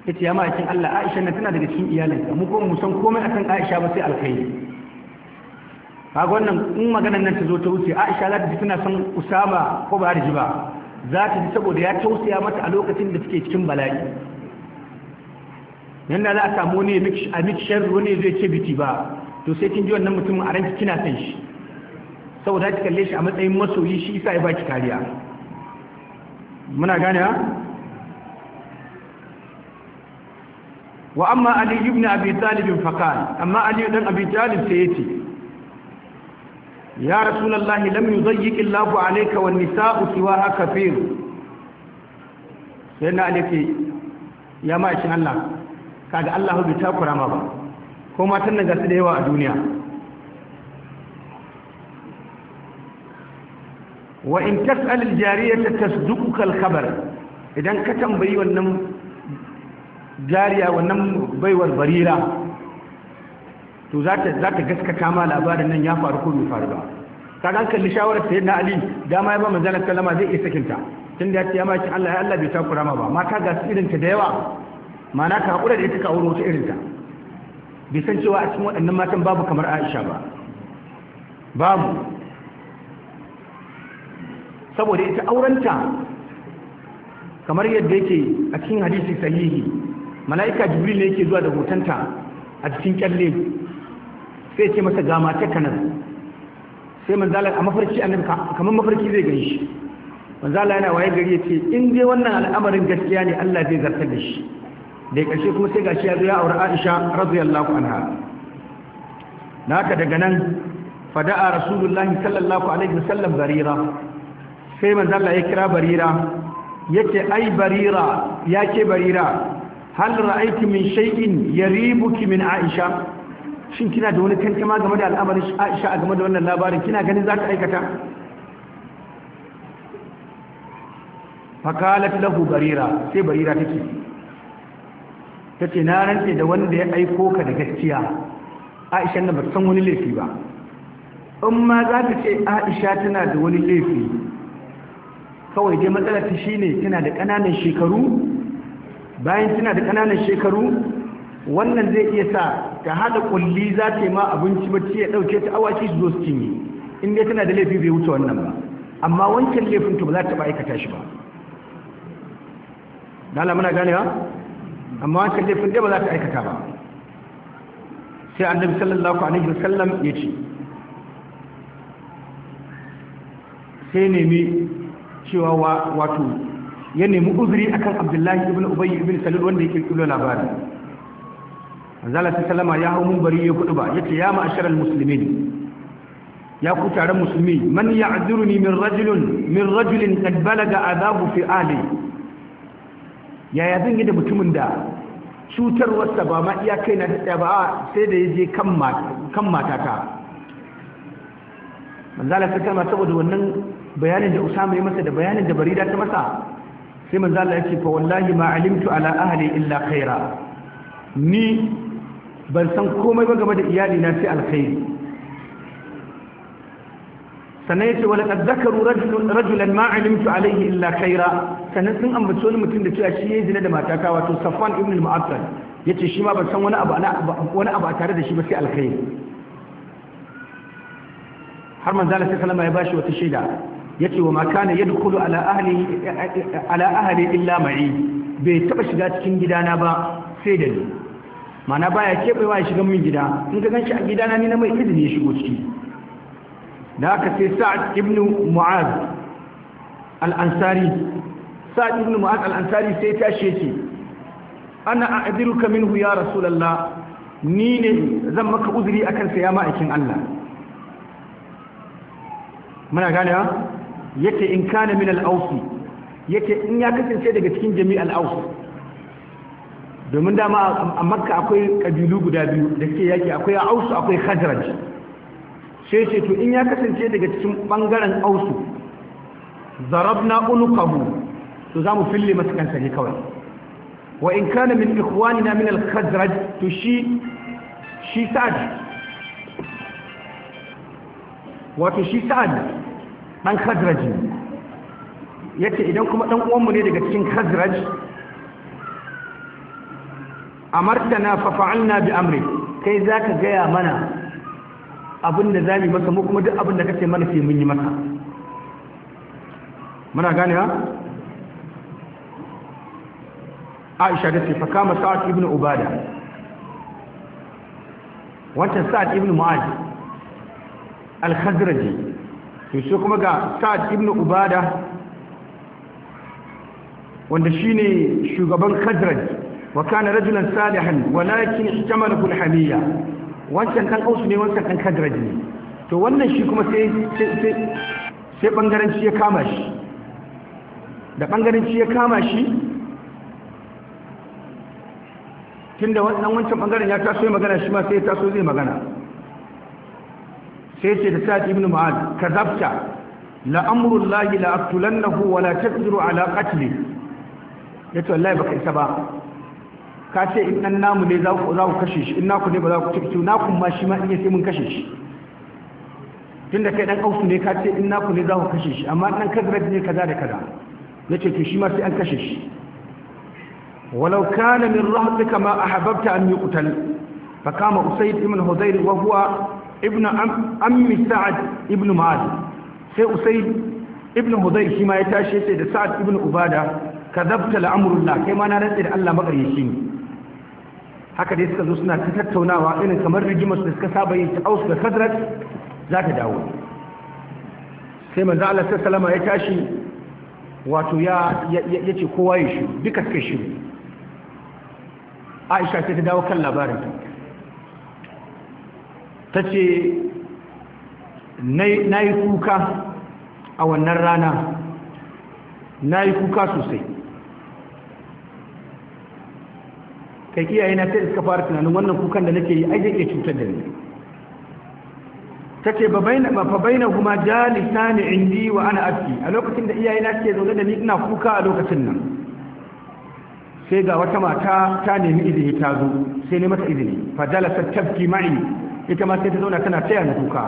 ya ce ya ma'aikin allah aisha na tana daga cikin iyalinka mu kuma musan komai akan aisha ba sai alkhairi kaga wannan in maganar nan ta zo ta wuce Aisha za ta ji tana son Usama ko ba ji ba za ta ji saboda ya tausaya mata a lokacin da take cikin bala'i nan da za a samu ne a mix sharri wani zai ce biti ba to sai kin ji wannan mutumin a ranki kina san shi saboda ki kalle shi a matsayin masoyi shi isa ya baki kariya muna gane ha wa amma ali ibn abi talib qala amma ali dan abi talib sai yace ya rasulallahi lam yi zai yi ƙillafu alaika wa nisa'u siwa haka fero sai ya ma'ashin allah kaga allahu bai takura ma ba ko matan daga su da yawa a duniya wa in tas'alil jariya ta tasduku kal khabar idan ka tambayi wannan jariya wannan baiwar barira to za ta gaskata ma labarin nan ya faru ko bai faru ba kaga an kalli shawarar sayyidina ali dama ya ba manzalar kalama zai iya sakinta tun da ya ce ya maki Allah ya Allah bai takura ma ba mata ga irin ta da yawa mana ka haƙura da ita ka aure wata ta. bai san cewa a cikin waɗannan matan babu kamar Aisha ba babu saboda ita aurenta kamar yadda yake a cikin hadisi sahihi mala'ika jibril ne yake zuwa da hotonta a cikin kyalle sai ce masa ga mace ka nan sai manzala a mafarki annabi kamar mafarki zai gani shi manzala yana waye gari ya ce in dai wannan al'amarin gaskiya ne Allah zai zartar da shi da ya kuma sai gashi ya zo ya aure Aisha radiyallahu anha naka daga nan fada'a rasulullahi sallallahu alaihi wasallam barira sai manzo Allah ya kira barira yace ai barira yace barira hal ra'aiti min shay'in yaribuki min Aisha shin kina da wani kankama game da al'amarin Aisha a game da wannan labarin kina ganin za ta aikata fakalat lahu barira sai barira take ce na rantse da wanda ya aiko ka da gaskiya Aisha na bata san wani laifi ba in ma za ta ce Aisha tana da wani laifi kawai dai matsalar ta shine tana da kananan shekaru bayan tana da kananan shekaru wannan zai iya sa ta hada kulli za ta yi ma abinci ba ce ya dauke ta awaki su zo su cinye in dai tana da laifi bai wuce wannan ba amma wancan laifin to ba za ta ba aikata shi ba dala muna ganewa amma wancan laifin dai ba za ta aikata ba sai annabi sallallahu alaihi wasallam ya ce sai nemi cewa wato ya nemi uzuri akan abdullahi ibn ubayy ibn salul wanda ya kullu labarin manzala ta salama ya hau bari ya kudu ba ya ce ya ma'asharar musulmi ya ku taron musulmi man ya azuruni min rajulun min rajulin kad balaga azabu fi ali yaya zan yi da mutumin da wasa ba ma iya kai na daɗa ba sai da ya je kan matata manzala ta salama saboda wannan bayanin da usama ya masa da bayanin da barida ta masa sai manzala ya ce fa wallahi ma alimtu ala ahli illa khaira ni ban san komai ba game da iyali na sai alkhairi sannan yace wala qad zakaru rajulan ma alimtu alayhi illa khaira sannan sun ambaci wani mutum da cewa shi yayi zina da matata wato Safwan ibn al-Mu'attal yace shi ma ban san wani abu wani abu tare da shi ba sai alkhairi har manzo Allah sallallahu alaihi ya bashi wata shaida yace wa ma kana yadkhulu ala ahli ala ahli illa ma'i bai taba shiga cikin gidana ba sai da ni mana baya kebewa ya shiga min gida in ka ganshi a gida na ni na mai izini ya shigo ciki da aka sai sa'ad ibn mu'az al-ansari sa'ad ibn mu'az al-ansari sai ta sheke ana a'diruka minhu ya rasulullah ni ne zan maka uzuri akan sa ya ma'aikin Allah muna gane ha yake in kana min al-awsi yake in ya kasance daga cikin jami'al awsi domin dama a makka akwai kabilu guda biyu da ke yaki akwai ausu akwai khazraj sai ce to in ya kasance daga cikin bangaren ausu zarabna unuqahu to zamu fille masa kansa ne kawai wa in kana min ikhwanina min al to shi shi sa'ad wato shi sa'ad dan yace idan kuma dan uwanmu ne daga cikin khazraj amartana fa fa'alna bi amri kai zaka gaya mana abinda zamu maka mu kuma duk abinda kace mana sai mun yi maka muna gane ha Aisha ta ce fa kama Sa'ad ibn Ubada wata Sa'ad ibn Mu'ad al-Khazraji to shi kuma ga Sa'ad ibn Ubada wanda shine shugaban Khazraj wa kana rajulan salihan walakin ihtamalahu alhamiyya wancan kan ausu ne wancan dan kadraji ne to wannan shi kuma sai sai bangaranci ya kama shi da bangaranci ya kama shi tunda wannan wancan bangaren ya taso magana shi ma sai ya taso zai magana sai ce da sa'ad ibn mu'ad kazabta la amru llahi la aqtulannahu wa la taqdiru ala qatli yace wallahi baka isa ba ka ce in ɗan namu ne za ku kashe shi in naku ne ba za ku cikin naku ma shi ma iya sai mun kashe shi tun da kai ɗan ausu ne ka ce in naku ne za ku kashe shi amma ɗan kazrat ne kaza da kaza ya ce shi ma sai an kashe shi walau kana min rahmatika ma ahbabta an yuqtal fa kama usayd ibn hudayr wa huwa ibn ammi sa'ad ibn ma'ad sai usayd ibn hudayr shi ma ya tashi sai da sa'ad ibn ubada kadabta la'amrullah kai ma na rantsa da Allah makaryaci ne haka dai suka zo suna ta tattaunawa irin kamar rigimar da suka saba yin ta da sadrat za ta dawo sai manzo Allah salama ya tashi wato ya yace kowa ya shi duka suka shi Aisha ta dawo kan labarin ta ce na yi kuka a wannan rana na yi kuka sosai kai iyaye na sai suka fara tunanin wannan kukan da nake yi ai zai cutar da ni tace ba baina fa baina huma jalisani indi wa ana aski a lokacin da iyaye na suke zaune da ni ina kuka a lokacin nan sai ga wata mata ta nemi izini ta zo sai ne mata izini fa jalasa tabki ma'i ita ma sai ta zauna tana taya ni kuka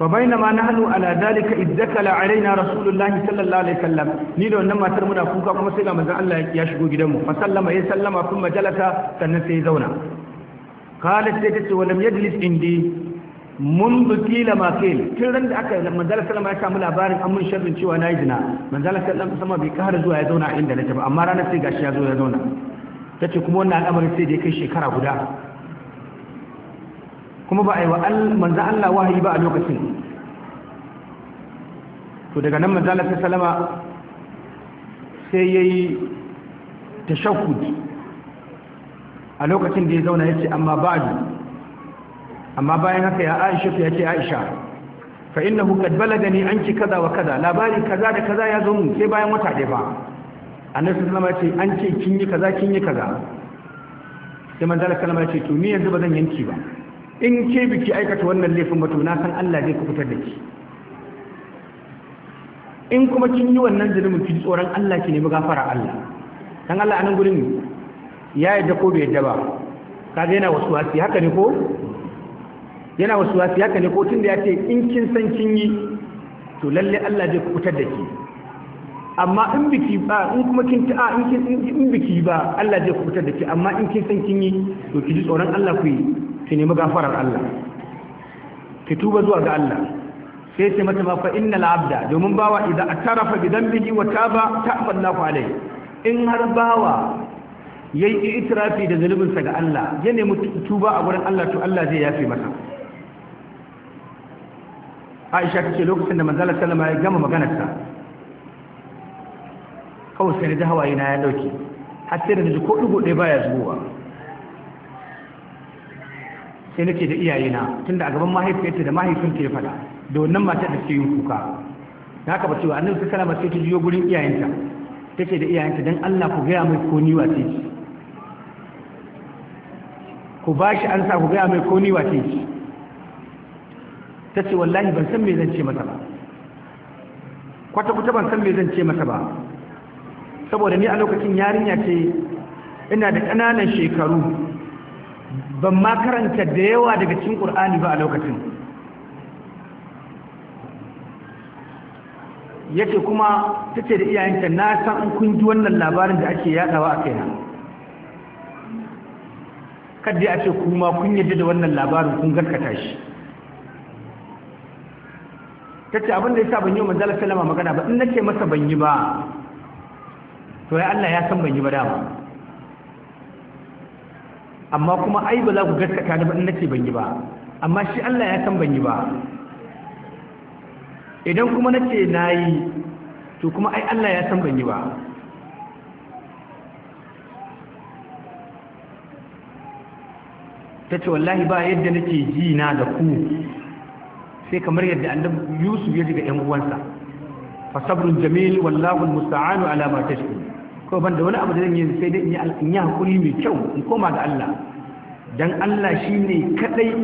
فبينما نحن على ذلك إذ دخل علينا رسول الله صلى الله عليه وسلم نيدو نما ترمنا فوكا كما سيغا مزا الله يشغو جدمو فسلم أي سلم ثم جلس سنسي زونا قالت سيدتي ولم يجلس عندي منذ قيل ما قيل تلرن da aka manzala sallama ya samu labarin an mun sharrin cewa nayi zina manzala sallama sama bai kahar zuwa ya zauna inda nake ba amma ranar sai gashi ya zo ya zauna tace kuma wannan al'amarin sai da kai shekara guda kuma ba a yi wa manzan Allah wahayi ba a lokacin to daga nan manzan Allah salama sai ya yi tashakud a lokacin da ya zauna ya ce amma ba'adu amma bayan haka ya aisha ya ce aisha fa innahu qad balagani ci kaza wa kaza labari kaza da kaza ya zo mu sai bayan wata ɗaya ba annabi sallallahu alaihi wasallam ya ce an ce kin yi kaza kin yi kaza sai manzon sallallahu alaihi wasallam ya ce to ni yanzu ba zan yanki ba in ke biki aikata wannan laifin ba na san Allah zai kubutar da ki in kuma kin yi wannan zulumin ki tsoron Allah ki nemi gafara Allah dan Allah anan gurin ya yadda ko bai yadda ba kaga yana wasu wasi haka ne ko yana wasu wasi haka ne ko tunda ya ce in kin san kin yi to lalle Allah zai kubutar da ki amma in biki ba in kuma kin ta in kin in biki ba Allah zai kubutar da ki amma in kin san kin yi to ki ji tsoron Allah ku yi ki nemi gafarar Allah ki tuba zuwa ga Allah sai ce mata mafa inna innal abda domin bawa idan atarafa bi dambihi wa taba ta'amallahu alayhi in har bawa yayi itirafi da zalubinsa ga Allah ya nemi tuba a wurin Allah to Allah zai yafe masa Aisha ta ce lokacin da manzala sallama ya gama maganarsa kawai sai da hawaye na ya dauke har sai da ko dugo ɗaya baya zuwa sai nake da iyayena tunda a gaban mahaifiyarta da mahaifin ya fada da wannan matar da ke yin kuka da haka ba cewa annabi sai alaihi sai ta jiyo gurin iyayenta take da iyayenta dan Allah ku gaya mai ko ni wace ce ku bashi an sa ku gaya mai ko ni wace ce tace wallahi ban san me zan ce masa ba kwata kwata ban san me zan ce masa ba saboda ni a lokacin yarinya ce ina da ƙananan shekaru ban ma karanta da yawa daga cikin ƙur'ani ba a lokacin yake kuma ta ce da iyayenta na san an kun ji wannan labarin da ake yadawa a kaina kadda a ce kuma kun yadda da wannan labarin kun gaskata shi ta ce abinda ya sa ban yi wa manzala salama magana ba in nake masa ban yi ba to ya Allah ya san ban yi ba dama amma kuma ai ba za ku gaskata da in nace ban yi ba amma shi Allah ya san ban yi ba idan kuma nace nayi to kuma ai Allah ya san ban yi ba tace wallahi ba yadda nake ji na da ku sai kamar yadda annabi Yusuf ya ji ga ƴan uwansa fa sabrun jamil wallahu almusta'anu ala ma tashkurun ko ban da wani abu da zan yi sai dai in yi hakuri mai kyau in koma ga Allah dan Allah shine kaɗai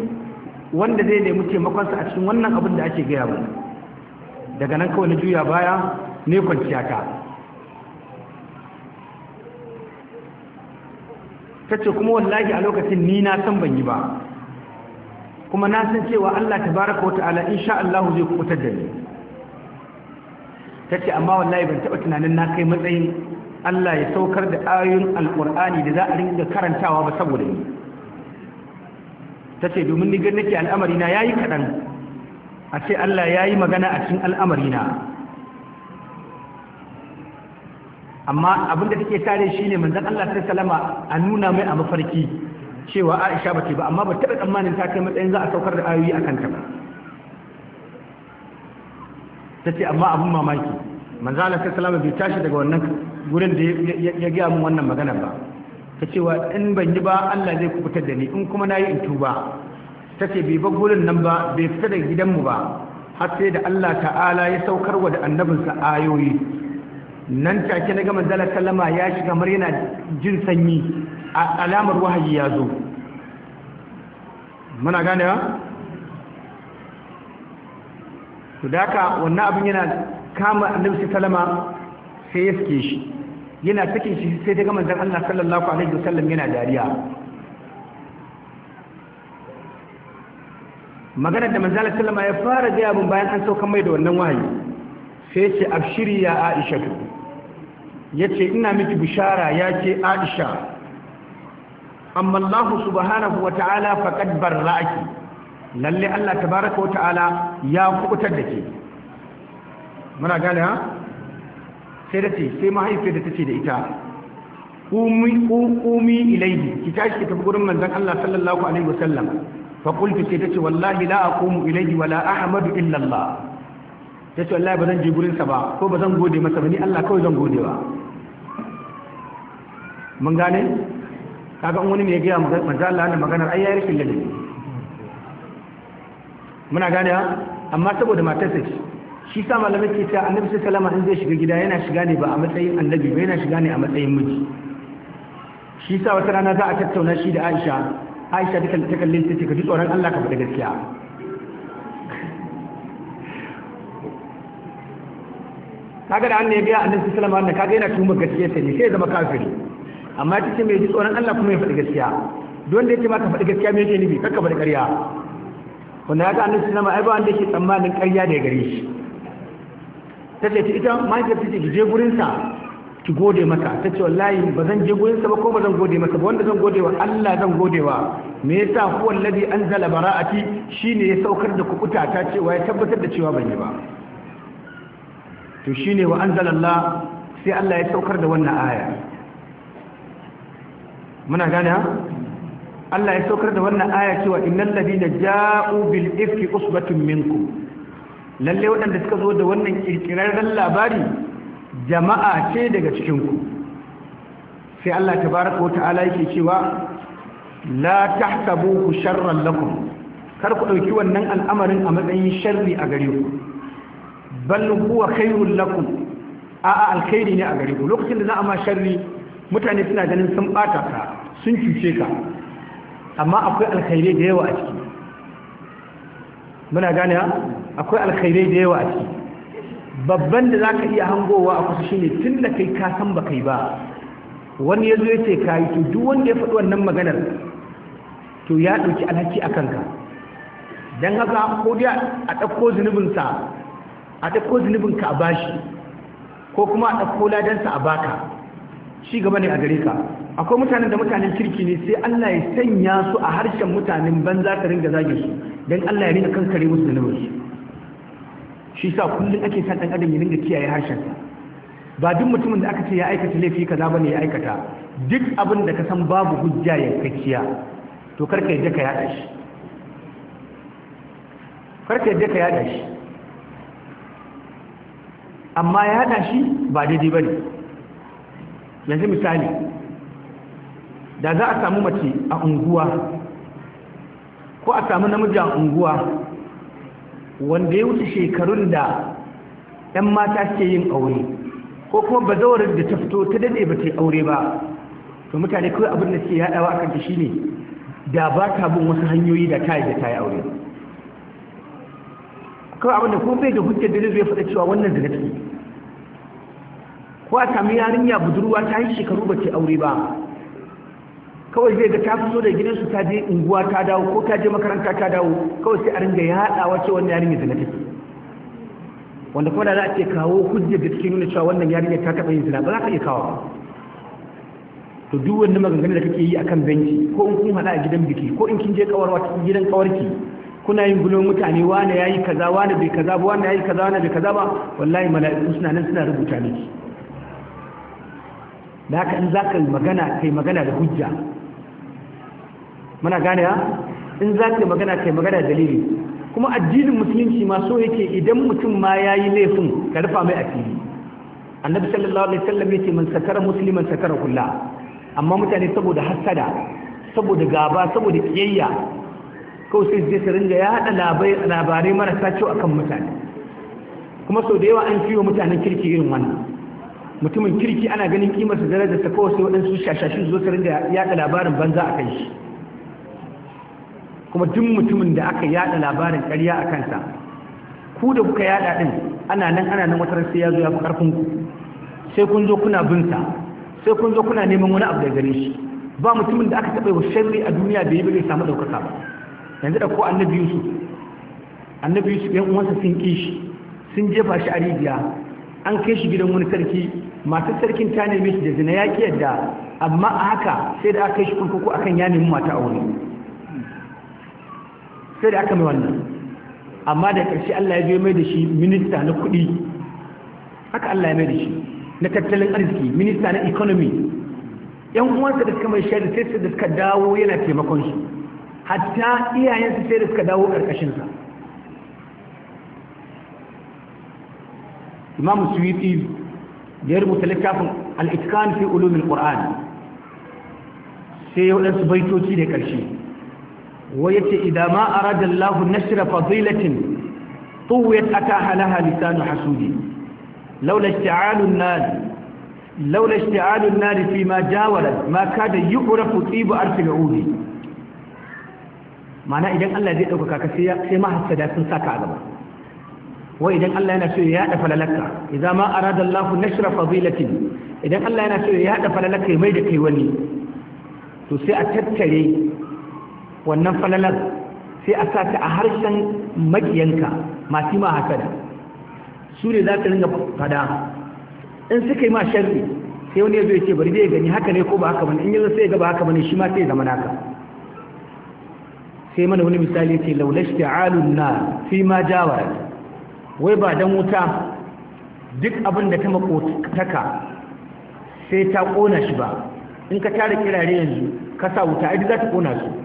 wanda zai nemi taimakon sa a cikin wannan abin da ake gaya mana daga nan kawai na juya baya ne kwanciya ta ce kuma wallahi a lokacin ni na san ban yi ba kuma na san cewa Allah wa ta'ala insha Allah zai kubutar da ni ce amma wallahi ban taba tunanin na kai matsayin Allah ya saukar da ayoyin alƙur'ani da za a ringa karantawa ba saboda ni ta ce domin ni gan nake al'amarina ya yi kaɗan a ce Allah ya yi magana a cikin al'amarina amma abin da take tare shi ne manzan Allah ta salama a nuna mai a mafarki cewa aisha ba ce ba amma ba taɓa tsammanin ta kai matsayin za a saukar da ayoyi a kanta ba ta ce amma abin mamaki manzo Allah sallallahu alaihi bai tashi daga wannan gurin da ya ga mun wannan magana ba ta cewa in ban yi ba Allah zai kubutar da ni in kuma nayi in tuba ta ce bai ba gurin nan ba bai fita daga gidanmu ba har sai da Allah ta'ala ya saukar wa da annabinsa ayoyi nan take na ga manzo Allah sallama ya shiga yana jin sanyi a alamar wahayi ya zo muna ganewa to daka wannan abin yana kama annabi sallama sai ya suke shi yana sakin shi sai ta ga manzon Allah sallallahu alaihi wasallam yana dariya magana da manzon Allah sallama ya fara ga mun bayan an sauka mai da wannan wahayi sai ce abshiri ya Aisha yace ina miki bishara yace Aisha amma Allah subhanahu wataala faqad barra'aki lalle Allah tabaaraka wataala ya kubutar da ke muna gane ha sai da ce sai mahaifiyar da ta ce da ita ƙumi ilaihi ki tashi ki tafi gurin manzan Allah sallallahu alaihi wasallam fa ce ta ce wallahi la aqumu ilaihi wala ahmadu illa Allah ce wallahi bazan je gurin sa ba ko bazan gode masa ba ni Allah kawai zan gode ba mun gane kaga wani ne ya ga manzon Allah na maganar ai yayi rikin muna gane amma saboda matarsa ce shi sa malamai ke cewa annabi sai salama in zai shiga gida yana shiga ne ba a matsayin annabi ba yana shiga ne a matsayin miji shi sa wata rana za a tattauna shi da Aisha Aisha duka ta kalli ta ce ka ji tsoron Allah ka faɗa gaskiya kaga da annabi ya annabi sallallahu salama wasallam kaga yana tuma gaskiya ta ne sai zama kafiri amma ta ce mai ji tsoron Allah kuma ya faɗi gaskiya don da yake ma ka faɗi gaskiya me yake nufi kakka faɗi ƙarya wanda ya ga annabi sallallahu salama ai ba wanda yake tsammanin ƙarya da gare shi ta ce ita mahaifiyar ta ce ki je gurinsa ki gode mata ta ce wallahi ba zan je gurinsa ba ko ba zan gode mata ba wanda zan gode wa Allah zan gode wa me yasa huwa alladhi anzala bara'ati shine ya saukar da kukuta ta cewa ya tabbatar da cewa ban yi ba to shine wa anzalallah sai Allah ya saukar da wannan aya muna gane Allah ya saukar da wannan aya cewa innal ladina ja'u bil ifki usbatun minkum lalle waɗanda suka zo da wannan ƙirƙirarren labari jama'a ce daga cikinku sai Allah ta tabaraka wata'ala yake cewa la ku sharran lakum kar ku ɗauki wannan al'amarin a matsayin sharri a gare ku bal huwa khairul lakum a'a alkhairi ne a gare ku lokacin da za a ma sharri mutane suna ganin sun bata ka sun cuce ka amma akwai alkhairi da yawa a ciki muna gane akwai alkhairai da yawa a ciki babban da zaka iya hangowa a kusa shine tun da kai ka san ba kai ba wani yazo ya ce kai to duk wanda ya faɗi wannan maganar to ya dauki alhaki akan ka dan haka ko dai a dauko zunubin a dauko ka a bashi ko kuma a dauko ladan a baka shi gaba ne a gare ka akwai mutanen da mutanen kirki ne sai Allah ya sanya su a harshen mutanen banza ta ringa zage su don Allah ya ringa kankare musu da nawarsu shi sa kullum ake sa ɗan adam ya ringa kiyaye harshen ba duk mutumin da aka ce ya aikata laifi kaza bane ya aikata duk abin da ka san babu hujja ya kakkiya to karka yadda ka yada shi karka yadda ka yada shi amma ya yada shi ba daidai bane yanzu misali da za a samu mace a unguwa ko a samu namiji a unguwa wanda ya wuce shekarun da 'yan mata ke yin aure ko kuma bazawarar da ta fito ta daɗe ba ta yi aure ba to mutane kawai abin da ke yaɗawa a kanta shi ne da ba ta bin wasu hanyoyi da ta yi da ta yi aure kawai abin da ko bai da hujjar da zai faɗa cewa wannan zina ce ko a sami yarinya budurwa ta yi shekaru ba ta aure ba kawai zai ga ta fito da gidansu ta je unguwa ta dawo ko ta je makaranta ta dawo kawai sai a ringa yaɗawa wace wani yarinya zina take wanda kuma da za a ce kawo hujjar da suke nuna cewa wannan yarinya ta taɓa yin zina ba za ka iya kawo ba? to duk wani maganganu da kake yi akan benci ko in kun haɗa a gidan biki ko in kin je wata gidan kawarki kuna yin gulon mutane wane yayi kaza wane bai kaza ba wane yayi kaza wane bai kaza ba wallahi mala'iku suna nan suna rubuta miki da haka in za ka magana kai magana da hujja muna gane in za ka magana kai magana dalili kuma addinin musulunci ma so yake idan mutum ma ya yi laifin ka rufa mai a fili annabi sallallahu alaihi wasallam yake man sakara musliman sakara kullah amma mutane saboda hasada saboda gaba saboda kiyayya kawai sai zai su ringa ya haɗa labarai marasa kyau akan mutane kuma sau da yawa an fi mutanen kirki irin wannan mutumin kirki ana ganin kimar su darajar ta kawai sai waɗansu shashashin zo su ringa yaɗa labarin banza a kai shi kuma duk mutumin da aka yada labarin ƙarya a kansa ku da kuka yada din ana nan ana nan wata sai ya zo ya fi karfin ku sai kun zo kuna binta sai kun zo kuna neman wani abu da gare shi ba mutumin da aka taɓa yi sharri a duniya da ya bai samu ɗaukaka ba yanzu da ko annabi yusuf annabi yusuf yan uwansa sun ƙi shi sun jefa shi a rijiya an kai shi gidan wani sarki masu sarkin ta neme shi da zina ya ƙi yadda amma a haka sai da aka kai shi kurkuku akan ya nemi mata a wuri. sai da aka mai wannan amma da ƙarshe Allah ya je mai da shi minista na kuɗi haka Allah ya mai da shi na tattalin arziki minista na economy yan uwansa da suka mai shari sai da suka dawo yana taimakon shi hatta iyayensa sai da suka dawo ƙarƙashinsa imam suyuti da ya rubuta littafin al'itkan fi ulumin qur'an sai ya waɗansu baitoci da ƙarshe ويتي إذا ما أراد الله نشر فضيلة طويت أتاح لها لسان حسود لولا اشتعال النار لولا اشتعال النار فيما جاولت ما كاد يعرف طيب أرف العود معنى إذن الله زي أبوكا كسيا سيما حسدا سنساك على وإذن الله نشر يا أفل لك إذا ما أراد الله نشر فضيلة إذن الله نشر يا أفل لك ميدك وني تسيء تتري wannan falalar sai a sata a harshen makiyanka masu ma hasada su ne za ka ringa fada in suka yi ma sharri sai wani ya zo ya ce bari zai gani haka ne ko ba haka bane in yanzu sai ga haka bane shi ma sai zama naka sai mana wani misali ce da ta'alun na fi ma jawar wai ba dan wuta duk abin da ta makotaka sai ta kona shi ba in ka tara kirare yanzu ka sa wuta ai za ta kona su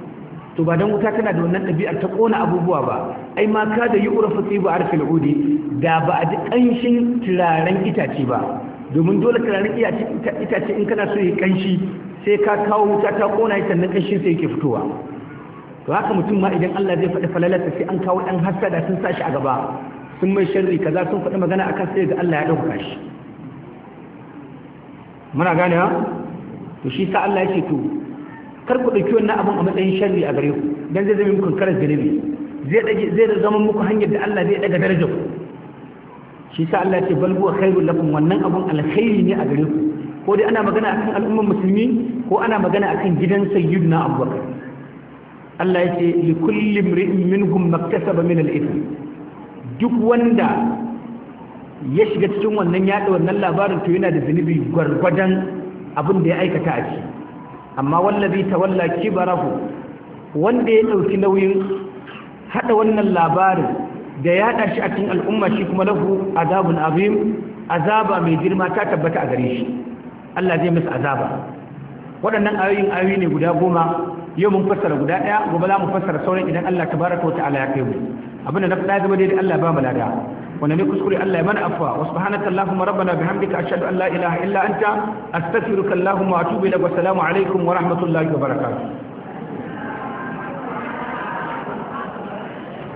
to ba don wuta tana da wannan ɗabi'ar ta ƙona abubuwa ba ai ma ka da yi urafa tsibu arfil udi da ba a ji ƙanshin turaren itace ba domin dole turaren itace in kana so ya ƙanshi sai ka kawo wuta ta ƙona ya sannan ƙanshin sai yake fitowa to haka mutum ma idan Allah zai faɗi ta sai an kawo ɗan hasada sun sa shi a gaba sun mai sharri kaza sun faɗi magana akan sai ga Allah ya ɗauka shi muna gane ha to shi sa Allah ya ce to kar ku ɗauki wannan abin a matsayin sharri a gare ku don zai zama muku karar zunubi zai dage zai zama muku hanyar da Allah zai daga darajar ku shi sa Allah ce bal huwa khairul lakum wannan abun alkhairi ne a gare ku ko dai ana magana akan al'ummar musulmi ko ana magana akan gidan sayyidina Abubakar Allah ya ce li kulli imrin minhum maktasaba min al-ithm duk wanda ya shiga cikin wannan yaɗa wannan labarin to yana da zunubi gwargwadon abin da ya aikata a ciki amma wallazi tawalla kibarahu wanda ya dauki nauyin hada wannan labarin da ya haɗa shi a cikin al'umma shi kuma lahu azabun azim azaba mai girma ta tabbata a gare shi Allah zai masa azaba waɗannan ayoyin ayoyi ne guda goma yau mun fassara guda ɗaya gobe za mu fassara sauran idan Allah tabaraka wa ta'ala ya kai mu abin da na faɗa zama daidai Allah ba mu lada wanda ne kuskure Allah ya mana afwa wa subhanaka allahumma rabbana bihamdika ashhadu an la ilaha illa anta astaghfiruka allahumma wa atubu ilaik wa assalamu alaikum wa rahmatullahi wa barakatuh